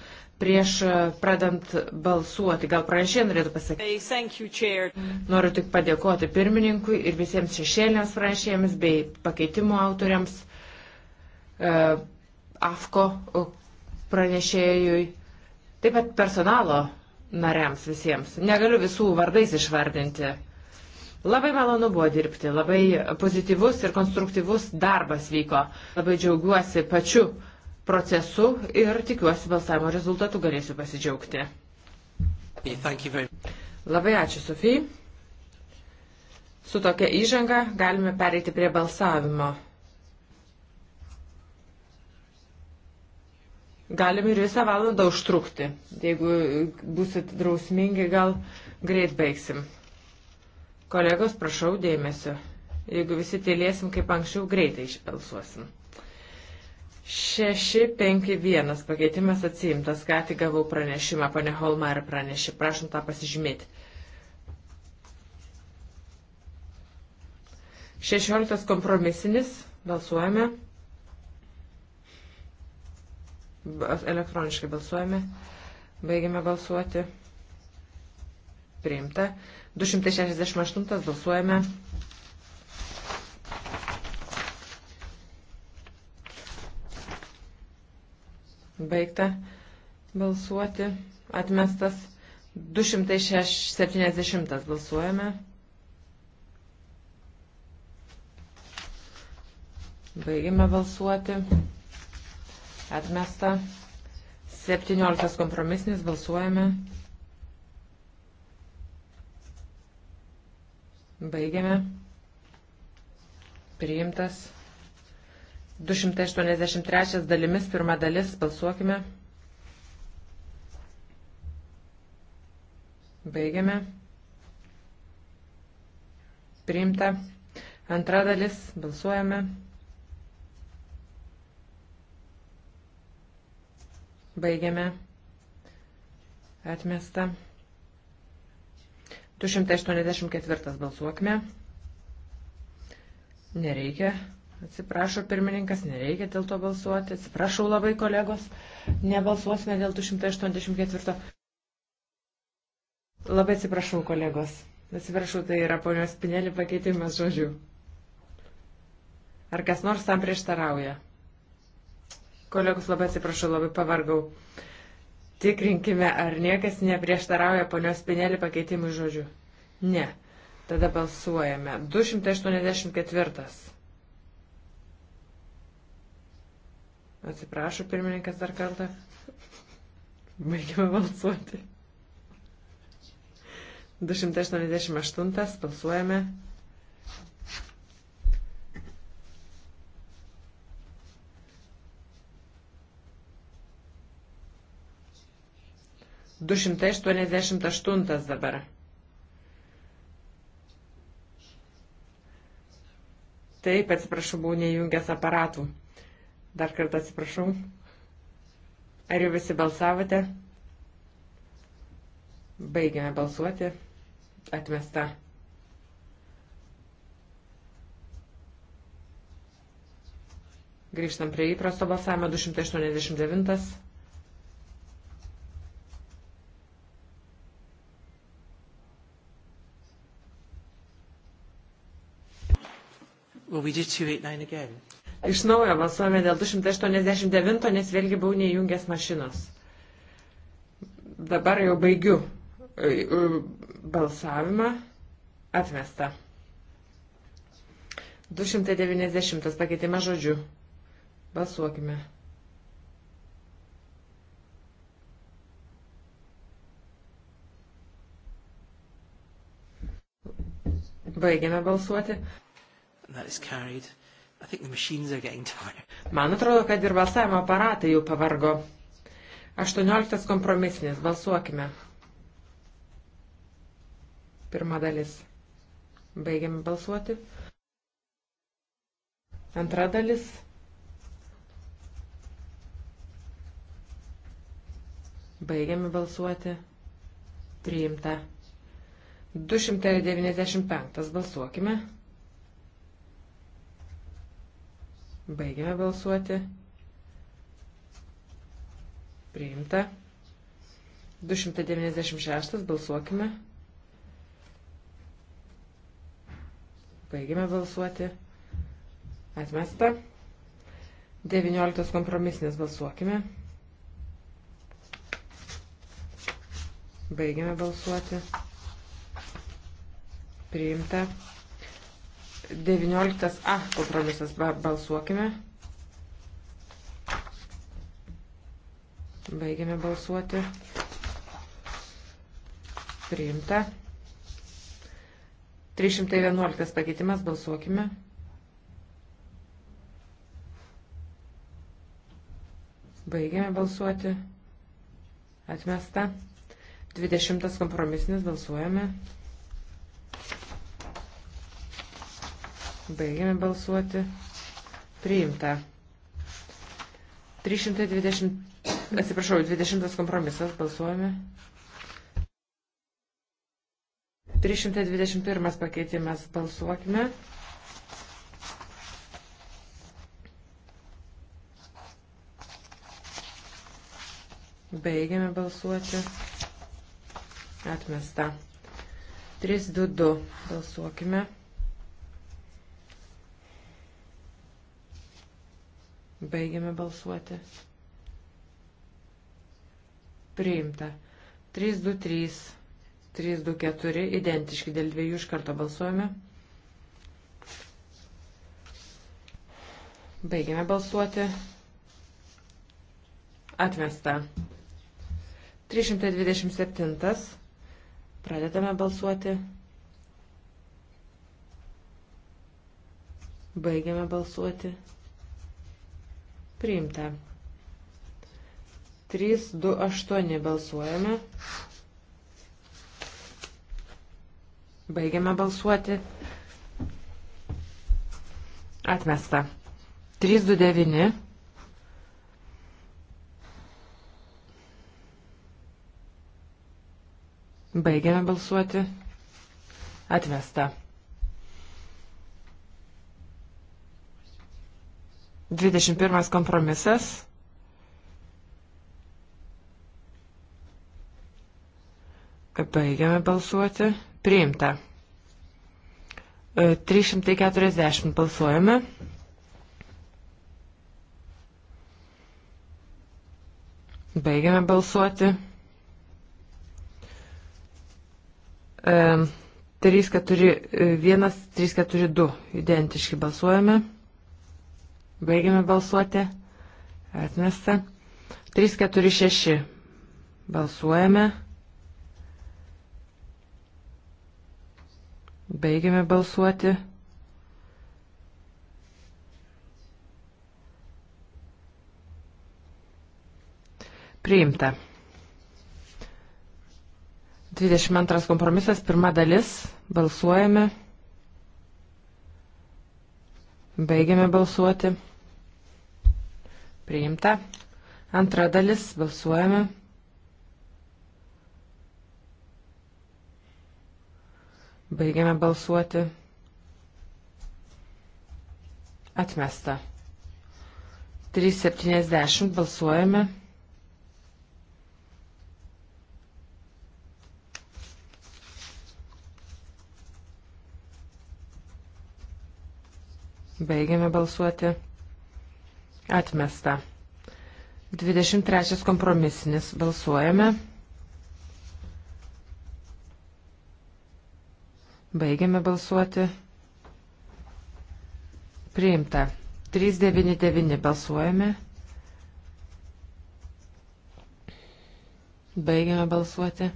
Prieš e, pradant balsuoti, gal pranešėja norėtų pasakyti. Hey, Noriu tik padėkoti pirmininkui ir visiems šešėlėms pranešėjams bei pakeitimų autoriams, uh, e, AFKO pranešėjui, taip pat personalo nariams visiems. Negaliu visų vardais išvardinti. Labai malonu buvo dirbti, labai pozityvus ir konstruktyvus darbas vyko. Labai džiaugiuosi pačiu procesu ir tikiuosi balsavimo rezultatų galėsiu pasidžiaugti. Labai ačiū, Sofija. Su tokia įžanga galime pereiti prie balsavimo. Galim ir visą valandą užtrukti. Jeigu busit drausmingi, gal greit baigsim. Kolegos, prašau dėmesio. Jeigu visi tylėsim kaip anksčiau, greitai išpelsuosim. 651 pakeitimas atsiimtas, ką tik gavau pranešimą, pane Holmar pranešė, prašom tą pasižymėti. 16 kompromisinis, balsuojame. Elektroniškai balsuojame. Baigiame balsuoti. Priimta. 268 balsuojame. Baigta balsuoti. Atmestas 270 balsuojame. Baigime balsuoti. Atmesta. 17 kompromisinis. Balsuojame. Baigiame. Priimtas. 283 dalimis, pirma dalis, balsuokime. Baigiame. Priimta. Antra dalis, balsuojame. Baigiame. Atmesta. 284 balsuokime. Nereikia. Atsiprašo pirmininkas, nereikia dėl to balsuoti. Atsiprašau labai kolegos, nebalsuosime dėl 284. Labai atsiprašau kolegos. Atsiprašau, tai yra ponios Pinelį pakeitimas žodžių. Ar kas nors tam prieštarauja? Kolegos, labai atsiprašau, labai pavargau. Tikrinkime, ar niekas neprieštarauja ponios Pinelį pakeitimui žodžiu. Ne. Tada balsuojame. 284. Atsiprašau, pirmininkas dar kartą. Baigime balsuoti. 288. Balsuojame. 288 dabar. Taip, atsiprašau, buvau neįjungęs aparatų. Dar kartą atsiprašau. Ar jau visi balsavote? Baigiame balsuoti. Atmesta. Grįžtam prie įprasto balsavimo 289. Iš naujo balsuojame dėl 289, nes vėlgi buvau neįjungęs mašinos. Dabar jau baigiu e, e, balsavimą. Atmesta. 290 pakeitimas žodžiu. Balsuokime. Baigiame balsuoti. Man atrodo, kad ir balsavimo aparatai jau pavargo. 18 kompromisinis. Balsuokime. Pirma dalis. Baigiame balsuoti. Antra dalis. Baigiame balsuoti. Priimta. 295. Balsuokime. Baigiame balsuoti. Priimta. 296 balsuokime. Baigiame balsuoti. Atmesta. 19 kompromisinės balsuokime. Baigiame balsuoti. Priimta. 19a kompromisas balsuokime. Baigiame balsuoti. Priimta. 311 pakeitimas balsuokime. Baigiame balsuoti. Atmesta. 20 kompromisinis balsuojame. Baigėme balsuoti. Priimta. 320, atsiprašau, 20 kompromisas balsuojame. 321 pakeitimas balsuokime. Baigiame balsuoti. Atmesta. 322 balsuokime. Baigiame balsuoti. Priimta. 323, 324, identiški dėl dviejų iš karto balsuojame. Baigiame balsuoti. Atmesta. 327. Pradedame balsuoti. Baigiame balsuoti. Priimta. 3, 2, 8 balsuojame. Baigiame balsuoti. Atmesta. 3, 2, 9. Baigiame balsuoti. Atmesta. 21 kompromisas. Baigiame balsuoti. Priimta. 340 e, balsuojame. Baigiame balsuoti. 3, 4, 1, 3, 4, 2. Identiški balsuojame. Baigiame balsuoti. Atmesta. 346. Balsuojame. Baigiame balsuoti. Priimta. 22 kompromisas, pirma dalis. Balsuojame. Baigiame balsuoti. Priimta. Antra dalis. Balsuojame. Baigiame balsuoti. Atmesta. 370 balsuojame. Baigiame balsuoti. Atmesta. 23 kompromisinis. Balsuojame. Baigiame balsuoti. Priimta. 399 balsuojame. Baigiame balsuoti.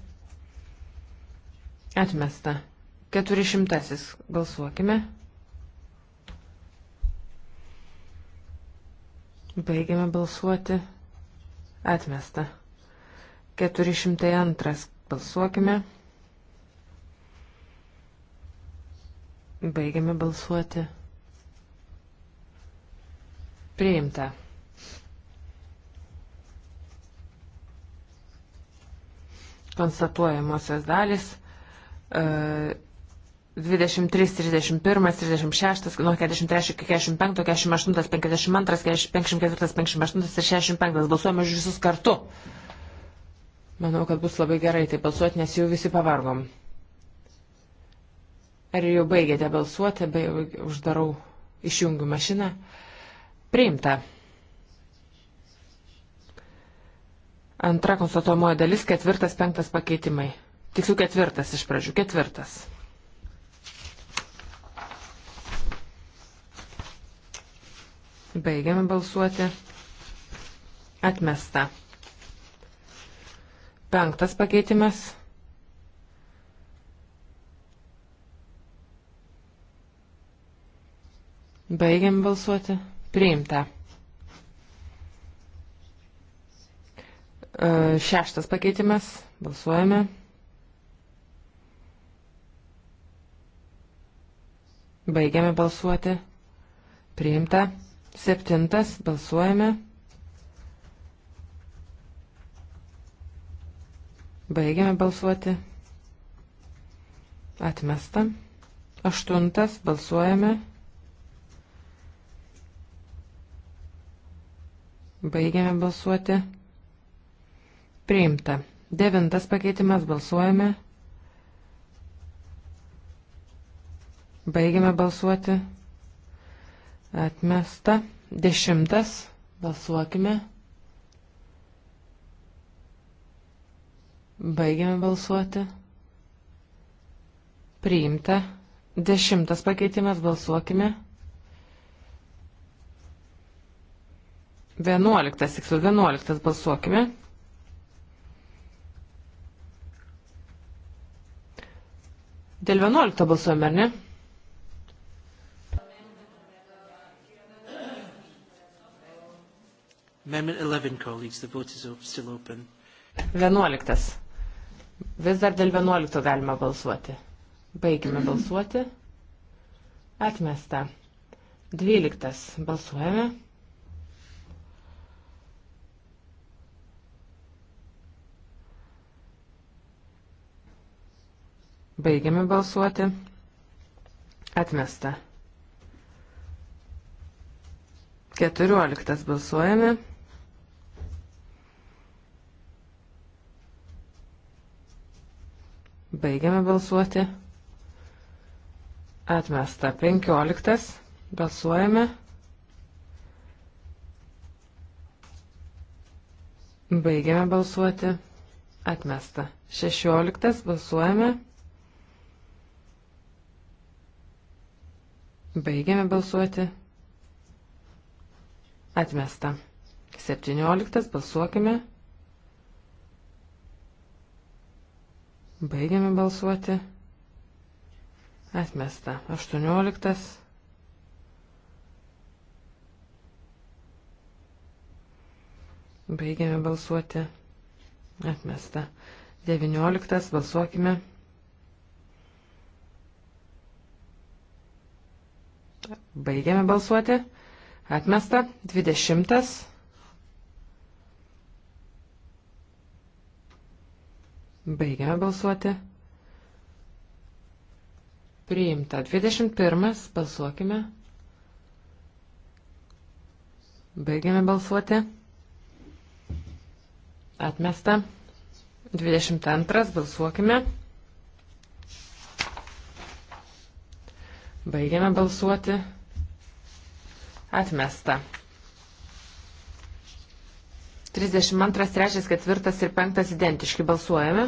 Atmesta. 400 balsuokime. Baigiame balsuoti. Atmesta. 402. Balsuokime. Baigiame balsuoti. Priimta. Konstatuojamosios dalis. E, 23, 31, 36, nuo 43 iki 45, 48, 52, 54, 58 ir 65. Balsuojame už visus kartu. Manau, kad bus labai gerai tai balsuoti, nes jau visi pavargom. Ar jau baigėte balsuoti, bei uždarau, išjungiu mašiną. Priimta. Antra konstatuojamoji dalis, ketvirtas, penktas pakeitimai. Tiksliau ketvirtas iš pradžių, ketvirtas. Baigiame balsuoti. Atmesta. Penktas pakeitimas. Baigiam balsuoti. Priimta. E, šeštas pakeitimas. Balsuojame. Baigiame balsuoti. Priimta. Septintas, balsuojame. Baigiame balsuoti. Atmesta. Aštuntas, balsuojame. Baigiame balsuoti. Priimta. Devintas pakeitimas balsuojame. Baigiame balsuoti. Atmesta. Dešimtas. Balsuokime. Baigiame balsuoti. Priimta. Dešimtas pakeitimas. Balsuokime. Vienuoliktas, tiksliau, vienuoliktas balsuokime. Dėl vienuolikto balsuojame, ar ne? Amendment 11, colleagues, the vote is still open. 11. Vis dar dėl 11 galima balsuoti. Baigime balsuoti. Atmesta. 12. Balsuojame. Baigiame balsuoti. Atmesta. 14. Balsuojame. Baigiame balsuoti. Atmesta 15. Balsuojame. Baigiame balsuoti. Atmesta 16. Balsuojame. Baigiame balsuoti. Atmesta. 17. Balsuokime. Baigiame balsuoti. Atmesta. 18. Baigiame balsuoti. Atmesta. 19. Balsuokime. Baigiame balsuoti. Atmesta. 20. Baigiame balsuoti. Priimta. 21. Balsuokime. Baigiame balsuoti. Atmesta. 22. Balsuokime. Baigiame balsuoti. Atmesta. 32, 3, 4 ir 5 identiški balsuojame.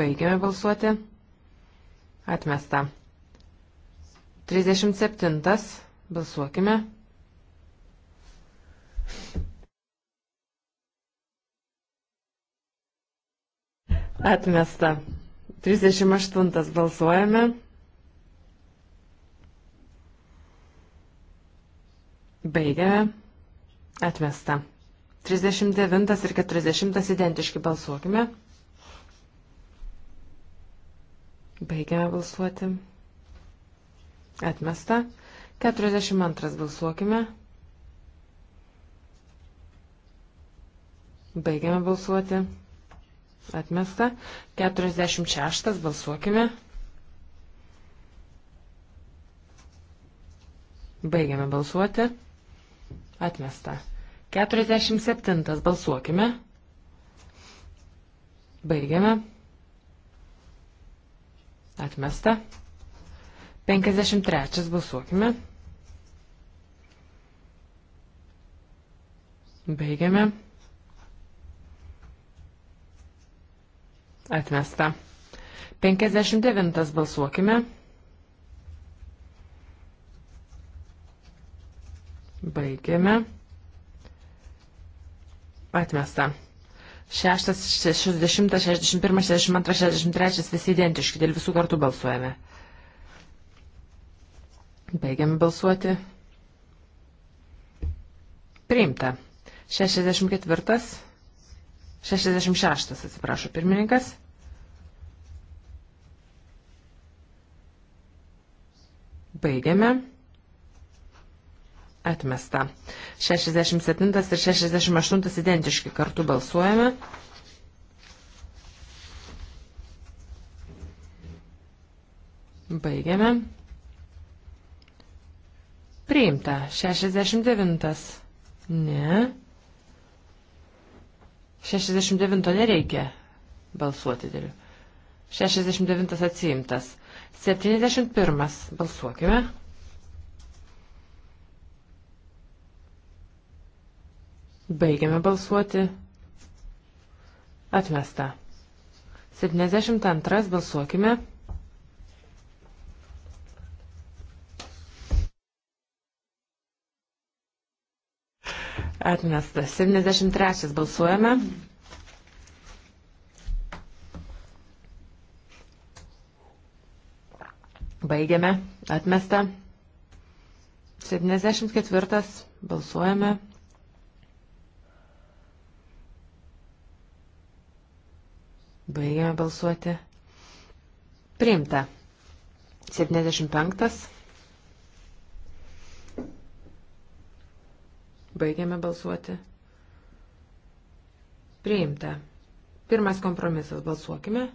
Baigiame balsuoti. Atmesta. 37. Balsuokime. Atmesta. 38. Balsuojame. Baigiame. Atmesta. 39 ir 40 identiški balsuokime. Baigiame balsuoti. Atmesta. 42 balsuokime. Baigiame balsuoti. Atmesta. 46 balsuokime. Baigiame balsuoti. Atmesta. 47. Balsuokime. Baigiame. Atmesta. 53. Balsuokime. Baigiame. Atmesta. 59. Balsuokime. Baigiame. Baigiame. Atmesta. 6, 60, 61, 62, 63 visi identiški, dėl visų kartų balsuojame. Baigiame balsuoti. Priimta. 64, 66, atsiprašau, pirmininkas. Baigiame. Atmesta. 67 ir 68 identiški kartu balsuojame. Baigiame. Priimta. 69. Ne. 69 nereikia balsuoti dėl. 69 atsiimtas. 71. Balsuokime. Baigiame balsuoti. Atmesta. 72 balsuokime. Atmestas. 73 balsuojame. Baigiame. Atmesta. 74 balsuojame. Baigiame balsuoti. Priimta. 75. Baigiame balsuoti. Priimta. Pirmas kompromisas. Balsuokime.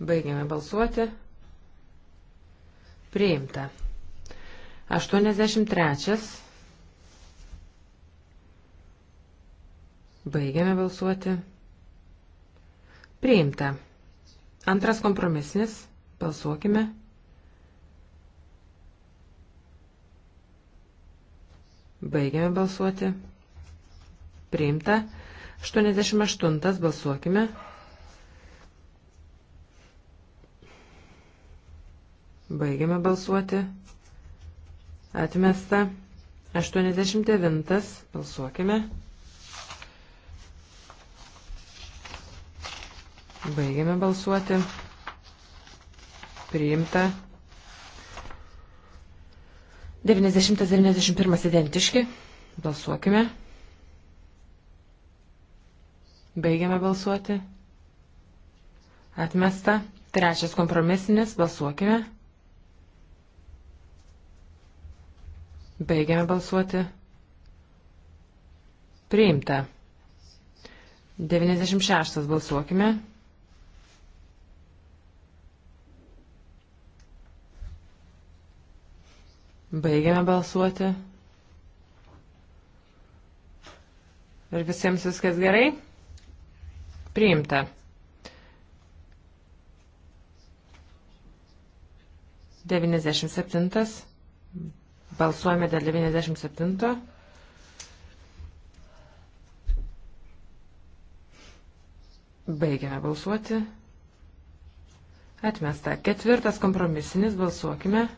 Baigiame balsuoti. Priimta. 83. Baigiame balsuoti. Priimta. Antras kompromisnis. Balsuokime. Baigiame balsuoti. Priimta. 88. Balsuokime. Baigiame balsuoti. Atmesta. 89. Balsuokime. Baigiame balsuoti. Priimta. 90-91 identiški. Balsuokime. Baigiame balsuoti. Atmesta. Trečias kompromisinis. Balsuokime. Baigiame balsuoti. Priimta. 96 balsuokime. Baigiame balsuoti. Ir visiems viskas gerai? Priimta. Devyniasdešimt septintas. Balsuojame dėl 97. Baigiame balsuoti. Atmesta. Ketvirtas kompromisinis. Balsuokime. Balsuokime.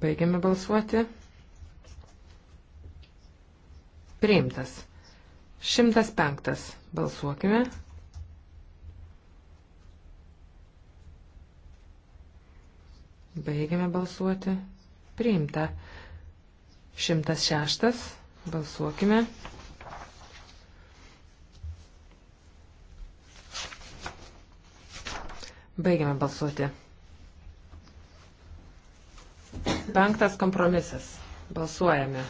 Baigiame balsuoti. Priimtas. 105. Balsuokime. Baigiame balsuoti. Priimta. 106. Balsuokime. Baigiame balsuoti. Penktas kompromisas. Balsuojame.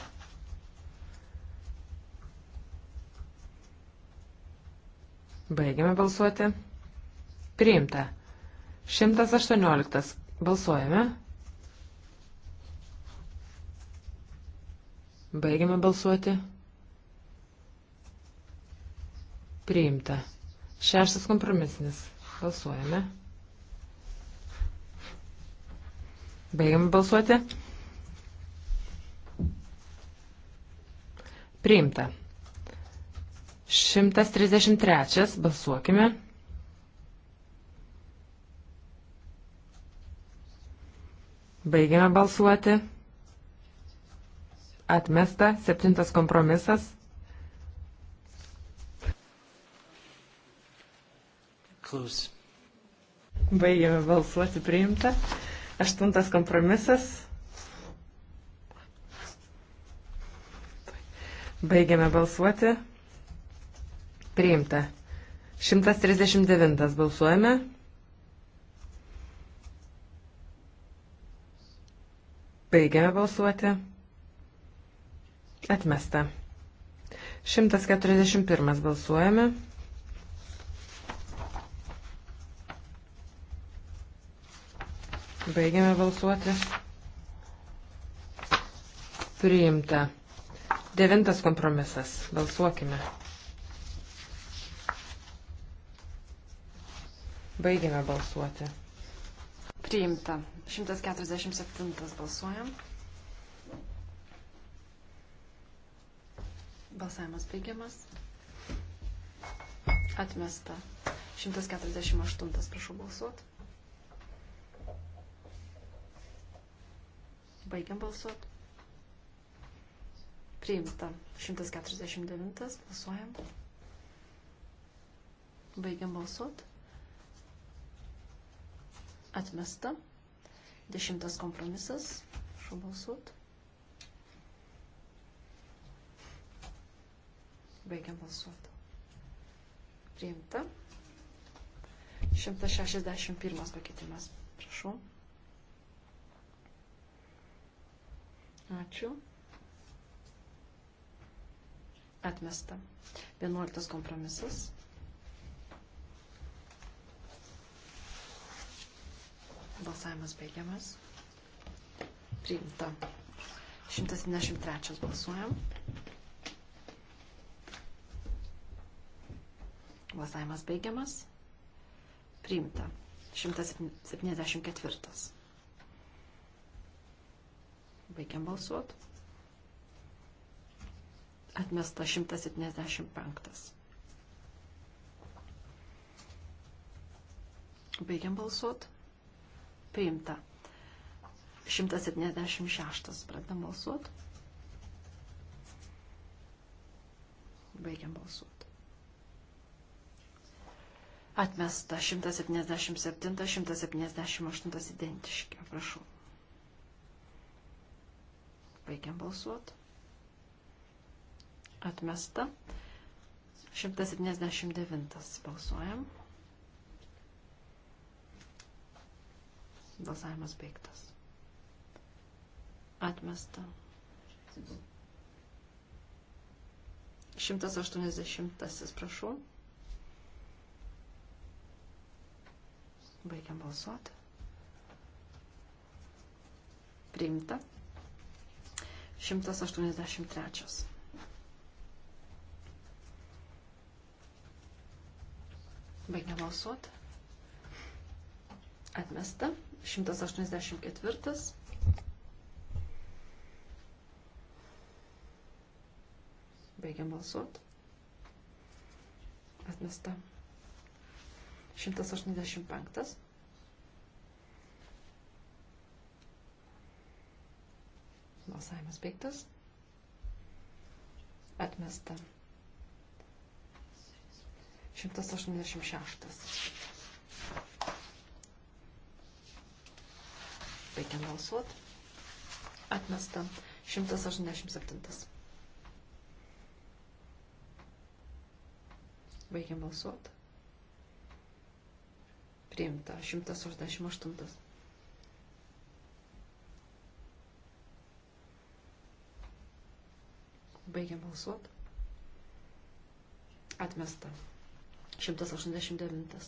Baigiame balsuoti. Priimta. 118. Balsuojame. Baigiame balsuoti. Priimta. Šeštas kompromisinis. Balsuojame. Baigiam balsuoti. Priimta. 133. Balsuokime. Baigiame balsuoti. Atmesta. Septintas kompromisas. Close. Baigiame balsuoti priimta. Aštuntas kompromisas. Baigiame balsuoti. Priimta. 139 balsuojame. Baigiame balsuoti. Atmesta. 141 balsuojame. Baigiame balsuoti. Priimta. Devintas kompromisas. Balsuokime. Baigiame balsuoti. Priimta. 147 balsuojam. Balsavimas baigiamas. Atmesta. 148 prašau balsuoti. Baigiam balsuoti. Priimta. 149. Balsuojam. Baigiam balsuoti. Atmesta. Dešimtas kompromisas. Prašau balsuoti. Baigiam balsuoti. Priimta. 161 pakeitimas. Prašau. Ačiū. Atmesta. 11 kompromisas. Balsavimas baigiamas. Priimta. 173 balsuojam. Balsavimas baigiamas. Priimta. 174. Baigiam balsuot. Atmesta 175. Baigiam balsuot. Priimta. 176. Pradedam balsuot. Baigiam balsuot. Atmesta 177, 178 identiški. Prašau. Baigiam balsuot. Atmesta. 179 balsuojam. Balsavimas baigtas. Atmesta. 180, prašau. Baigiam balsuoti. Priimta. 183. Baigia balsuoti. Atmesta. 184. Baigiam balsuoti. Atmesta. 185. Balsavimas baigtas. Atmesta. 186. Baigiam balsuot. Atmesta. 187. Baigiam balsuot. Priimta. 188. Baigiam balsuoti. Atmesta. 189.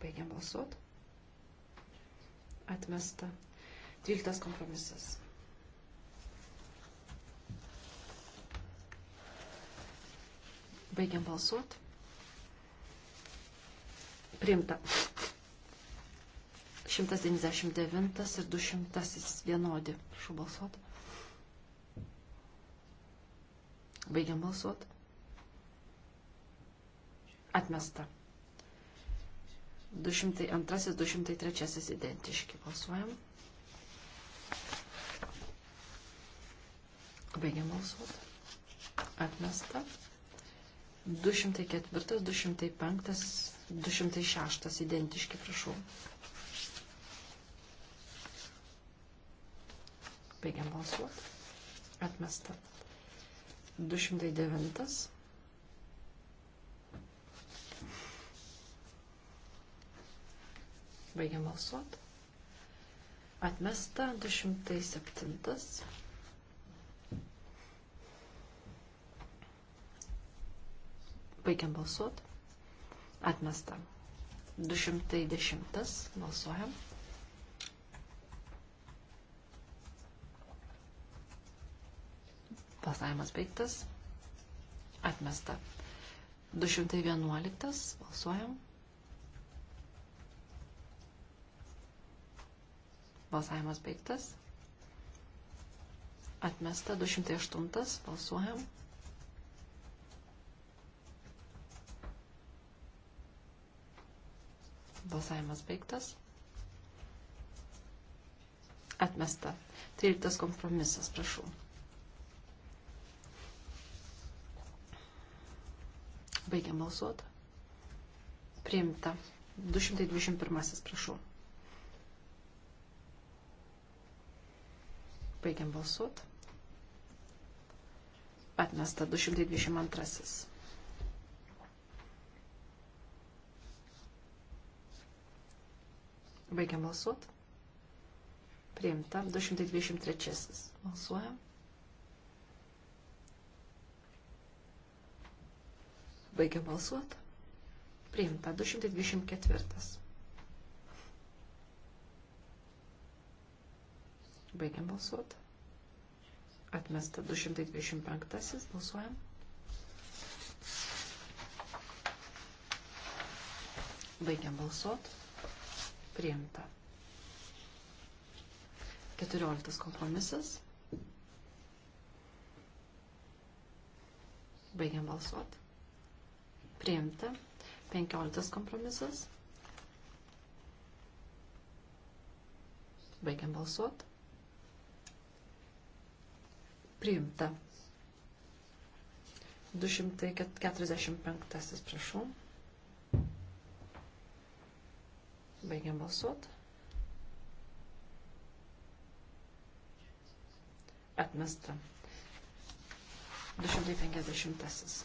Baigiam balsuoti. Atmesta. 12 kompromisas. Baigiam balsuoti. Priimta. 199 ir 200 vienodi. Prašau balsuoti. Baigiam balsuoti. Atmesta. 202, 203 identiški. Balsuojam. Baigiam balsuoti. Atmesta. 204, 205, 206 identiški, prašau. Baigiam balsuoti. Atmesta. 209. Baigiam balsuoti. Atmesta 207. Baigiam balsuoti. Atmesta 210. Balsuojam. Balsavimas baigtas. Atmesta. 211. Balsuojam. Balsavimas baigtas. Atmesta 208. Balsuojam. Balsavimas baigtas. Atmesta. 13 kompromisas, prašau. Baigiam balsuoti. Priimta. 221, prašau. Baigiam balsuoti. Atmesta 222. Baigiam balsuoti. Priimta 223. Balsuojam. Baigiam balsuoti. Priimta 224. Baigiam balsuoti. Atmesta 225. Balsuojam. Baigiam balsuoti. Priimta. 14 kompromisas. Baigiam balsuoti priimta. 15 kompromisas. Baigiam balsuot. Priimta. 245, prašau. Baigiam balsuot. Atmesta. 250.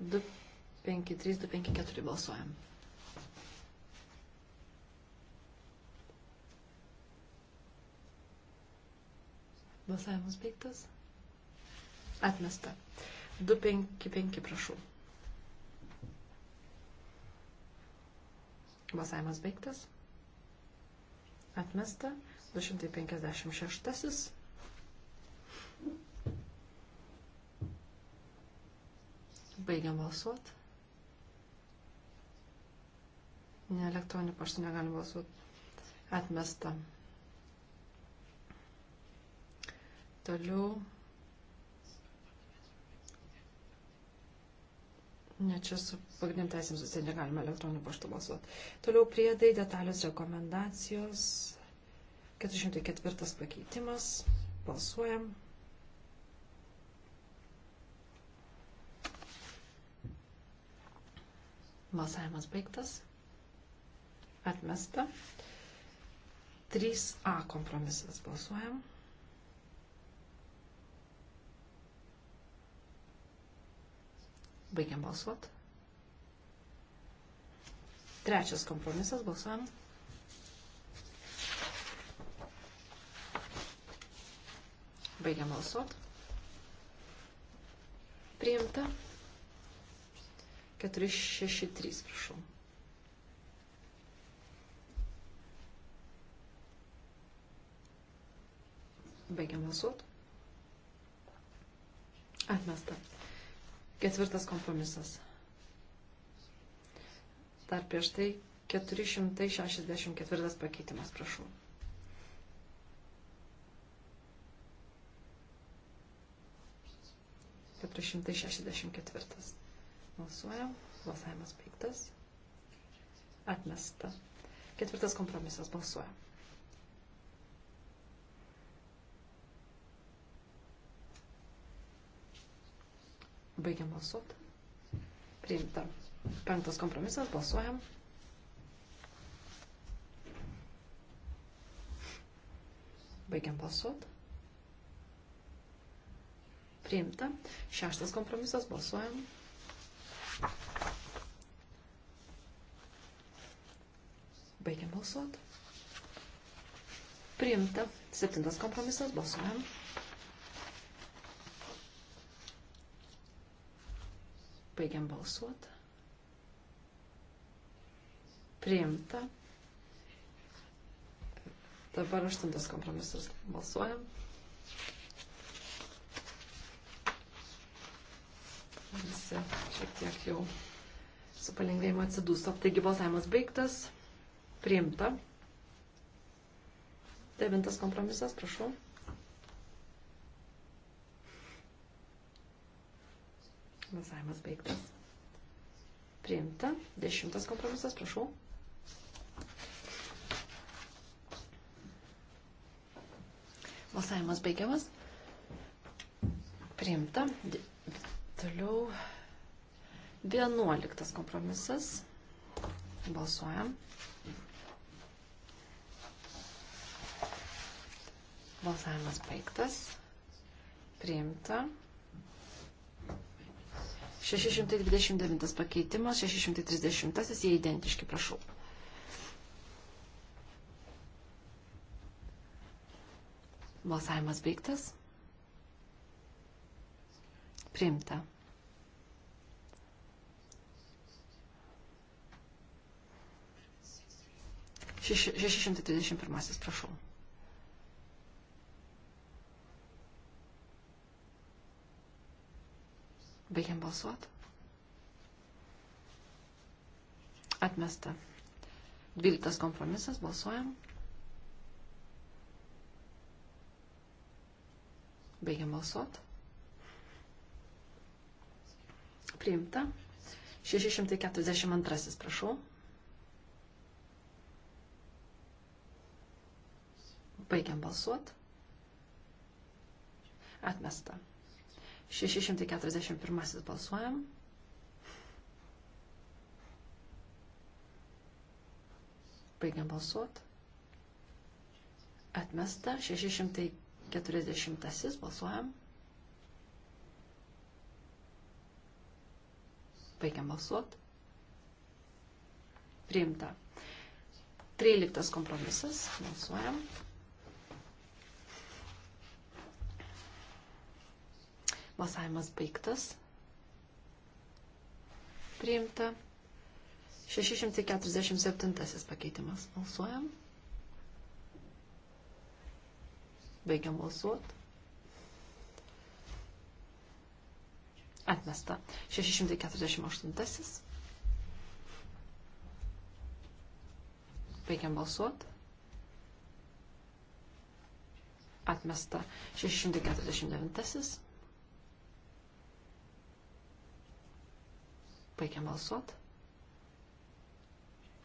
253, 254 balsuojam. Balsavimas baigtas. Atmesta. 255, prašau. Balsavimas baigtas. Atmesta. 256. Baigiam balsuoti. Ne elektroniniu paštu negalim balsuoti. Atmesta. Toliau. Ne, čia su pagrindiniam teisėm susiję negalime elektroniniu paštu balsuoti. Toliau priedai, detalios rekomendacijos. 404 pakeitimas. Balsuojam. Balsavimas baigtas. Atmesta. 3A kompromisas balsuojam. Baigiam balsuot. Trečias kompromisas balsuojam. Baigiam balsuot. Priimta. 463, prašau. Baigiam balsuoti. Atmesta. Ketvirtas kompromisas. Dar prieš tai 464 pakeitimas, prašau. Keturi šimtai šešiasdešimt ketvirtas. Balsuojam. Balsavimas baigtas. Atmesta. Ketvirtas kompromisas. Balsuojam. Baigiam balsuoti. Priimta. Penktas kompromisas. Balsuojam. Baigiam balsuoti. Priimta. Šeštas kompromisas. Balsuojam. Balsuojam. Baigiam balsuoti. Priimta. Septintas kompromisas. Balsuojam. Baigiam balsuoti. Priimta. Dabar aštuntas kompromisas. Balsuojam. Visi šiek tiek jau su palengvėjimu atsidūso. Taigi balsavimas baigtas. Priimta. Devintas kompromisas, prašau. Balsavimas baigtas. Priimta. Dešimtas kompromisas, prašau. Balsavimas baigiamas. Priimta. Toliau 11 kompromisas. Balsuojam. Balsavimas baigtas. Priimta. 629 pakeitimas, 630, jie identiški, prašau. Balsavimas baigtas. Priimta. Šeši, 631, prašau. Baigiam balsuoti. Atmesta. Dvyliktas kompromisas, balsuojam. Baigiam balsuoti. priimta. 642, prašau. Baigiam balsuot. Atmesta. 641 balsuojam. Baigiam balsuot. Atmesta. 640 balsuojam. Baigiam balsuoti. Priimta. 13 kompromisas. Balsuojam. Balsavimas baigtas. Priimta. 647 pakeitimas. Balsuojam. Baigiam balsuoti. Atmesta. 648. Baigiam balsuoti. Atmesta. 649. Baigiam balsuoti.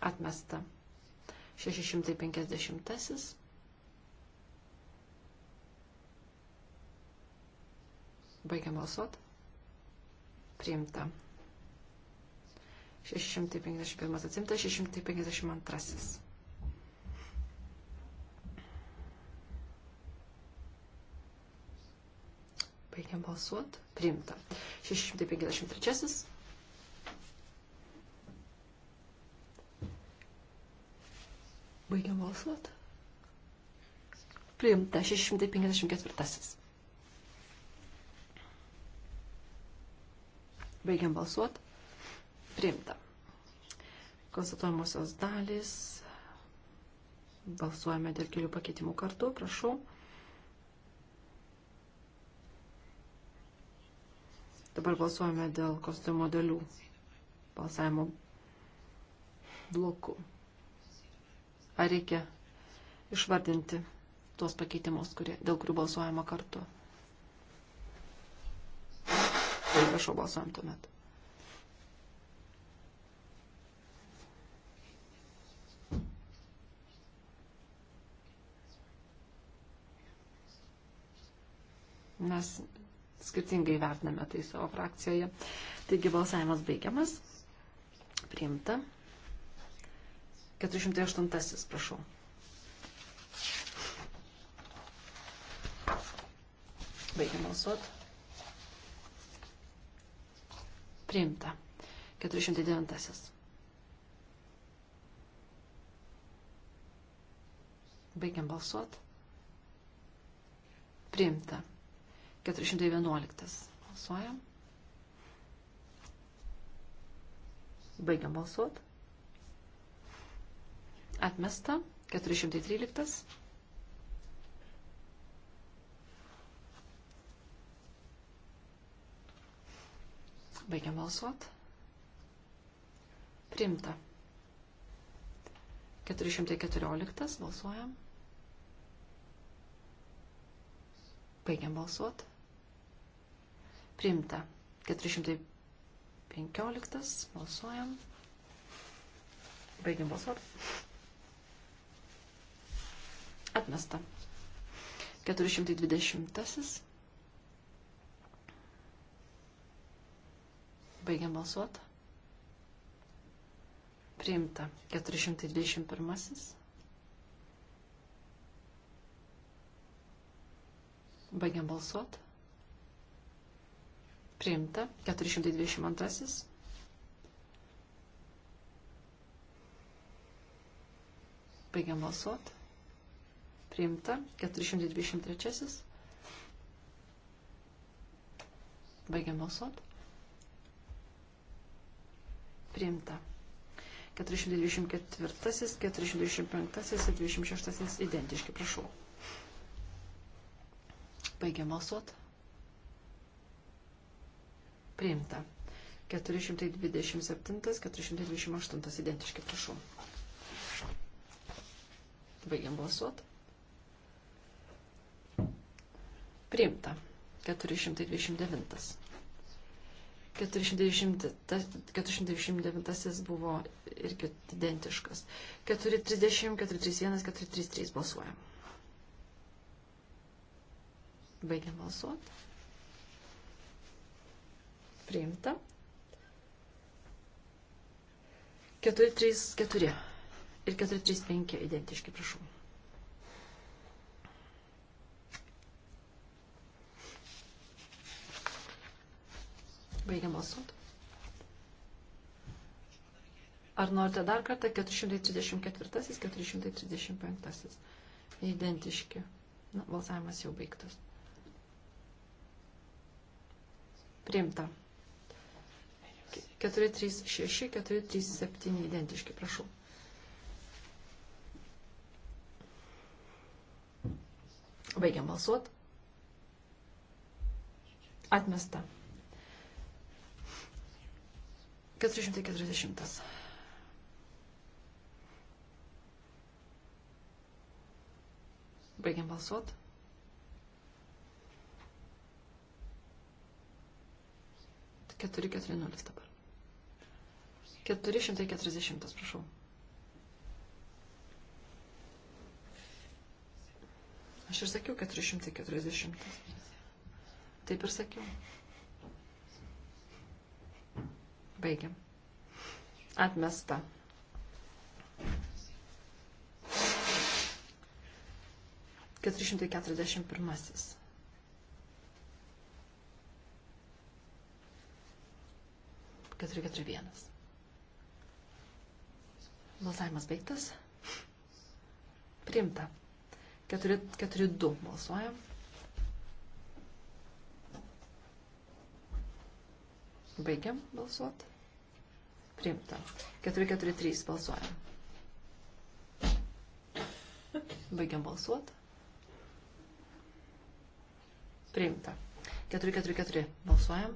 Atmesta. 650. Baigiam balsuoti priimta. 651 atsimta, 652. Baigiam balsuot. Priimta. 653. Baigiam balsuot. Priimta. 654. Baigiam balsuot. Priimta. Konstatuojamosios dalys. Balsuojame dėl kelių pakeitimų kartu. Prašau. Dabar balsuojame dėl kostiumo dalių balsavimo blokų. Ar reikia išvardinti tuos pakeitimus, kurie, dėl kurių balsuojama kartu? Prašau balsuojam tuomet. Mes skirtingai vertiname tai savo frakcijoje. Taigi balsavimas baigiamas. Priimta. 408, prašau. Baigiam balsuoti. Priimta. 409. Baigiam balsuot. Priimta. 411. Balsuojam. Baigiam balsuot. Atmesta. 413. Baigiam balsuot. Primta. 414 balsuojam. Baigiam balsuot. Primta. 415 balsuojam. Baigiam balsuot. Atmesta. 420 Baigiam balsuoti. Priimta 421. Baigiam balsuoti. Priimta 422. Baigiam balsuoti. Priimta 423. Baigiam balsuoti priimta. 424, 425 ir 26 identiški, prašau. Baigiam balsuot. Priimta. 427, 428 identiški, prašau. Baigiam balsuot. Priimta. 429. 429 buvo irgi identiškas. 430, 431, 433 balsuojam. Baigiam balsuoti. Priimta. 434 ir 435 identiški, prašau. Baigiam balsuoti. Ar norite dar kartą 434, 435? Identiški. Na, balsavimas jau baigtas. Priimta. 436, 437 identiški, prašau. Baigiam balsuoti. Atmesta. 440. Baigiam balsuot. Keturi, keturi, nulis dabar. Keturi šimtai keturiasdešimtas, prašau. Aš ir sakiau keturi šimtai keturiasdešimtas. Taip ir sakiau. Baigiam. Atmesta. Keturišimtai keturiasdešimt pirmasis. Keturi keturi vienas. Balsavimas baigtas. Priimta. 4-2 balsuojam. Baigiam balsuoti. Priimta. 443 balsuojam. Baigiam balsuoti. Priimta. 444 balsuojam.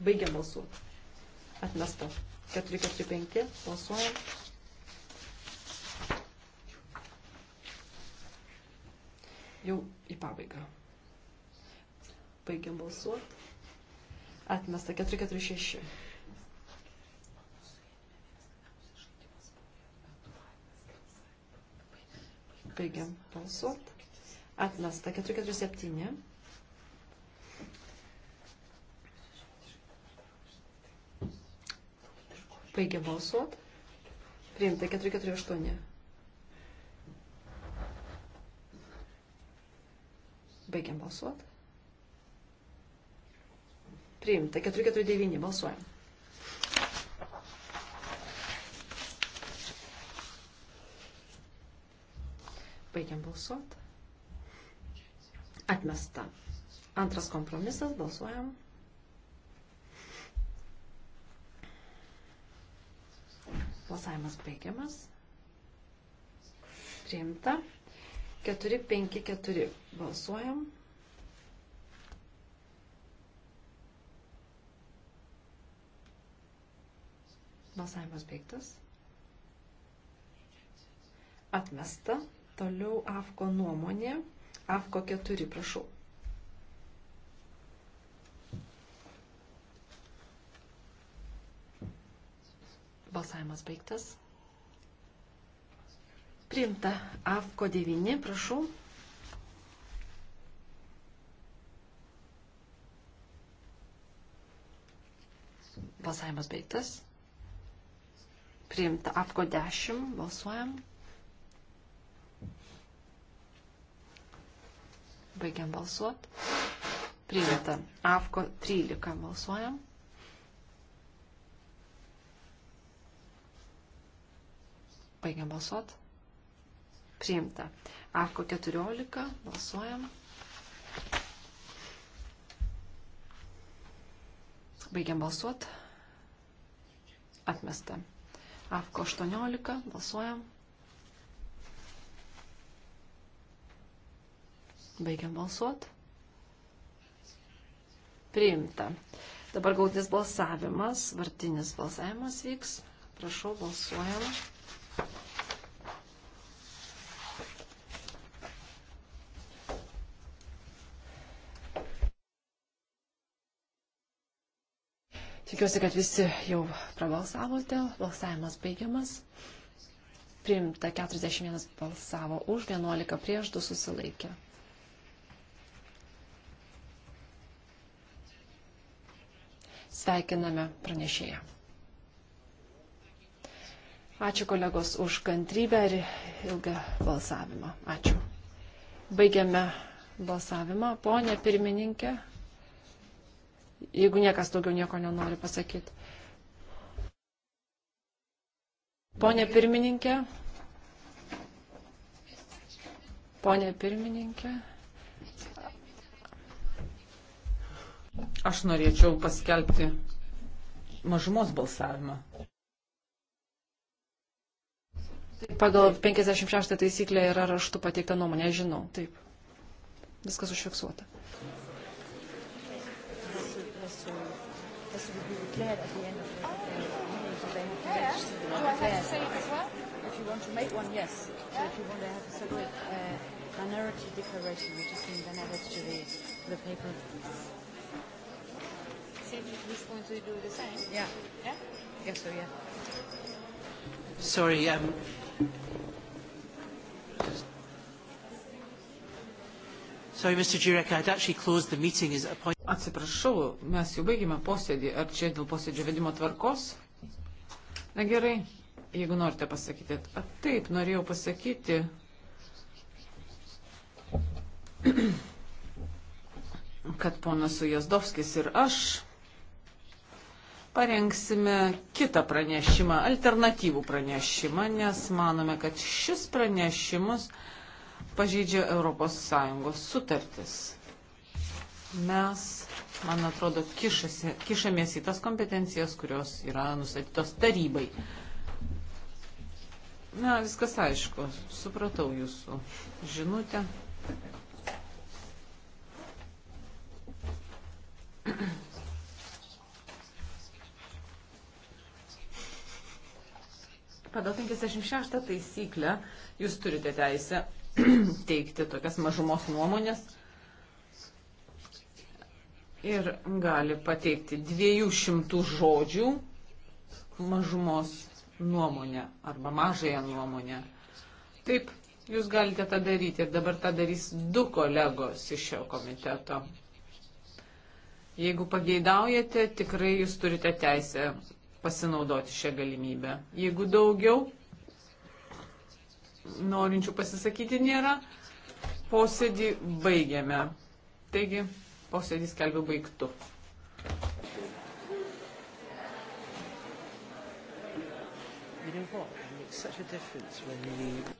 Baigiam balsuoti. Atmesta. 445 balsuojam. Jau į pabaigą. Baigiam balsuoti. Atmesta 446. Baigiam balsuoti. Atmesta 447. Baigiam balsuoti. Priimta 448. Baigiam balsuoti. Priimta. 449 balsuojam. Baigiam balsuoti. Atmesta. Antras kompromisas. Balsuojam. Balsavimas baigiamas. Priimta. 454 balsuojam. Balsavimas baigtas. Atmesta. Toliau AFKO nuomonė. AFKO 4, prašau. Balsavimas baigtas. Priimta AFKO 9, prašau. Balsavimas baigtas. Priimta AFKO 10, balsuojam. Baigiam balsuot. Priimta AFKO 13, balsuojam. Baigiam balsuot priimta. Afko 14, balsuojam. Baigiam balsuot. Atmesta. Afko 18, balsuojam. Baigiam balsuot. Priimta. Dabar gautinis balsavimas, vartinis balsavimas vyks. Prašau, balsuojam. Tikiuosi, kad visi jau prabalsavote. Balsavimas baigiamas. Priimta 41 balsavo už, 11 prieš, 2 susilaikė. Sveikiname pranešėją. Ačiū kolegos už kantrybę ir ilgą balsavimą. Ačiū. Baigiame balsavimą. Pone pirmininkė jeigu niekas daugiau nieko nenori pasakyti. Pone pirmininkė, Pone pirmininkė. Aš norėčiau paskelbti mažumos balsavimą. Pagal 56 taisyklę yra raštu pateikta nuomonė, žinau, taip. Viskas užfiksuota. declared at the end of the, oh, the meeting, so they have to yeah. register them and declare. Have to say it as well? If you want to make one, yes. Yeah. So if you want to have a separate uh, minority declaration, which is being then added to the, to the paper. See if he's going to do the same? Yeah. Yeah? I guess so, yeah. Sorry, um, Sorry, Mr. Jurek, I'd actually closed the meeting. Is it a point? Atsiprašau, mes jau baigėme posėdį. Ar čia dėl posėdžio vedimo tvarkos? Na gerai, jeigu norite pasakyti. A, taip, norėjau pasakyti. kad ponas Ujazdovskis ir aš parengsime kitą pranešimą, alternatyvų pranešimą, nes manome, kad šis pranešimus pažydžia ES sutartis. Mes, man atrodo, kišasi, kišamės į tas kompetencijas, kurios yra nustatytos tarybai. Na, viskas aišku. Supratau jūsų žinutę. Pagal 56 taisyklę jūs turite teisę teikti tokias mažumos nuomonės ir gali pateikti 200 žodžių mažumos nuomonę arba mažąją nuomonę. Taip, jūs galite tą daryti ir dabar tą darys du kolegos iš šio komiteto. Jeigu pageidaujate, tikrai jūs turite teisę pasinaudoti šią galimybę. Jeigu daugiau, norinčių pasisakyti nėra. Posėdį baigiame. Taigi, posėdį skelbiu baigtų. You know what? It makes such a difference when you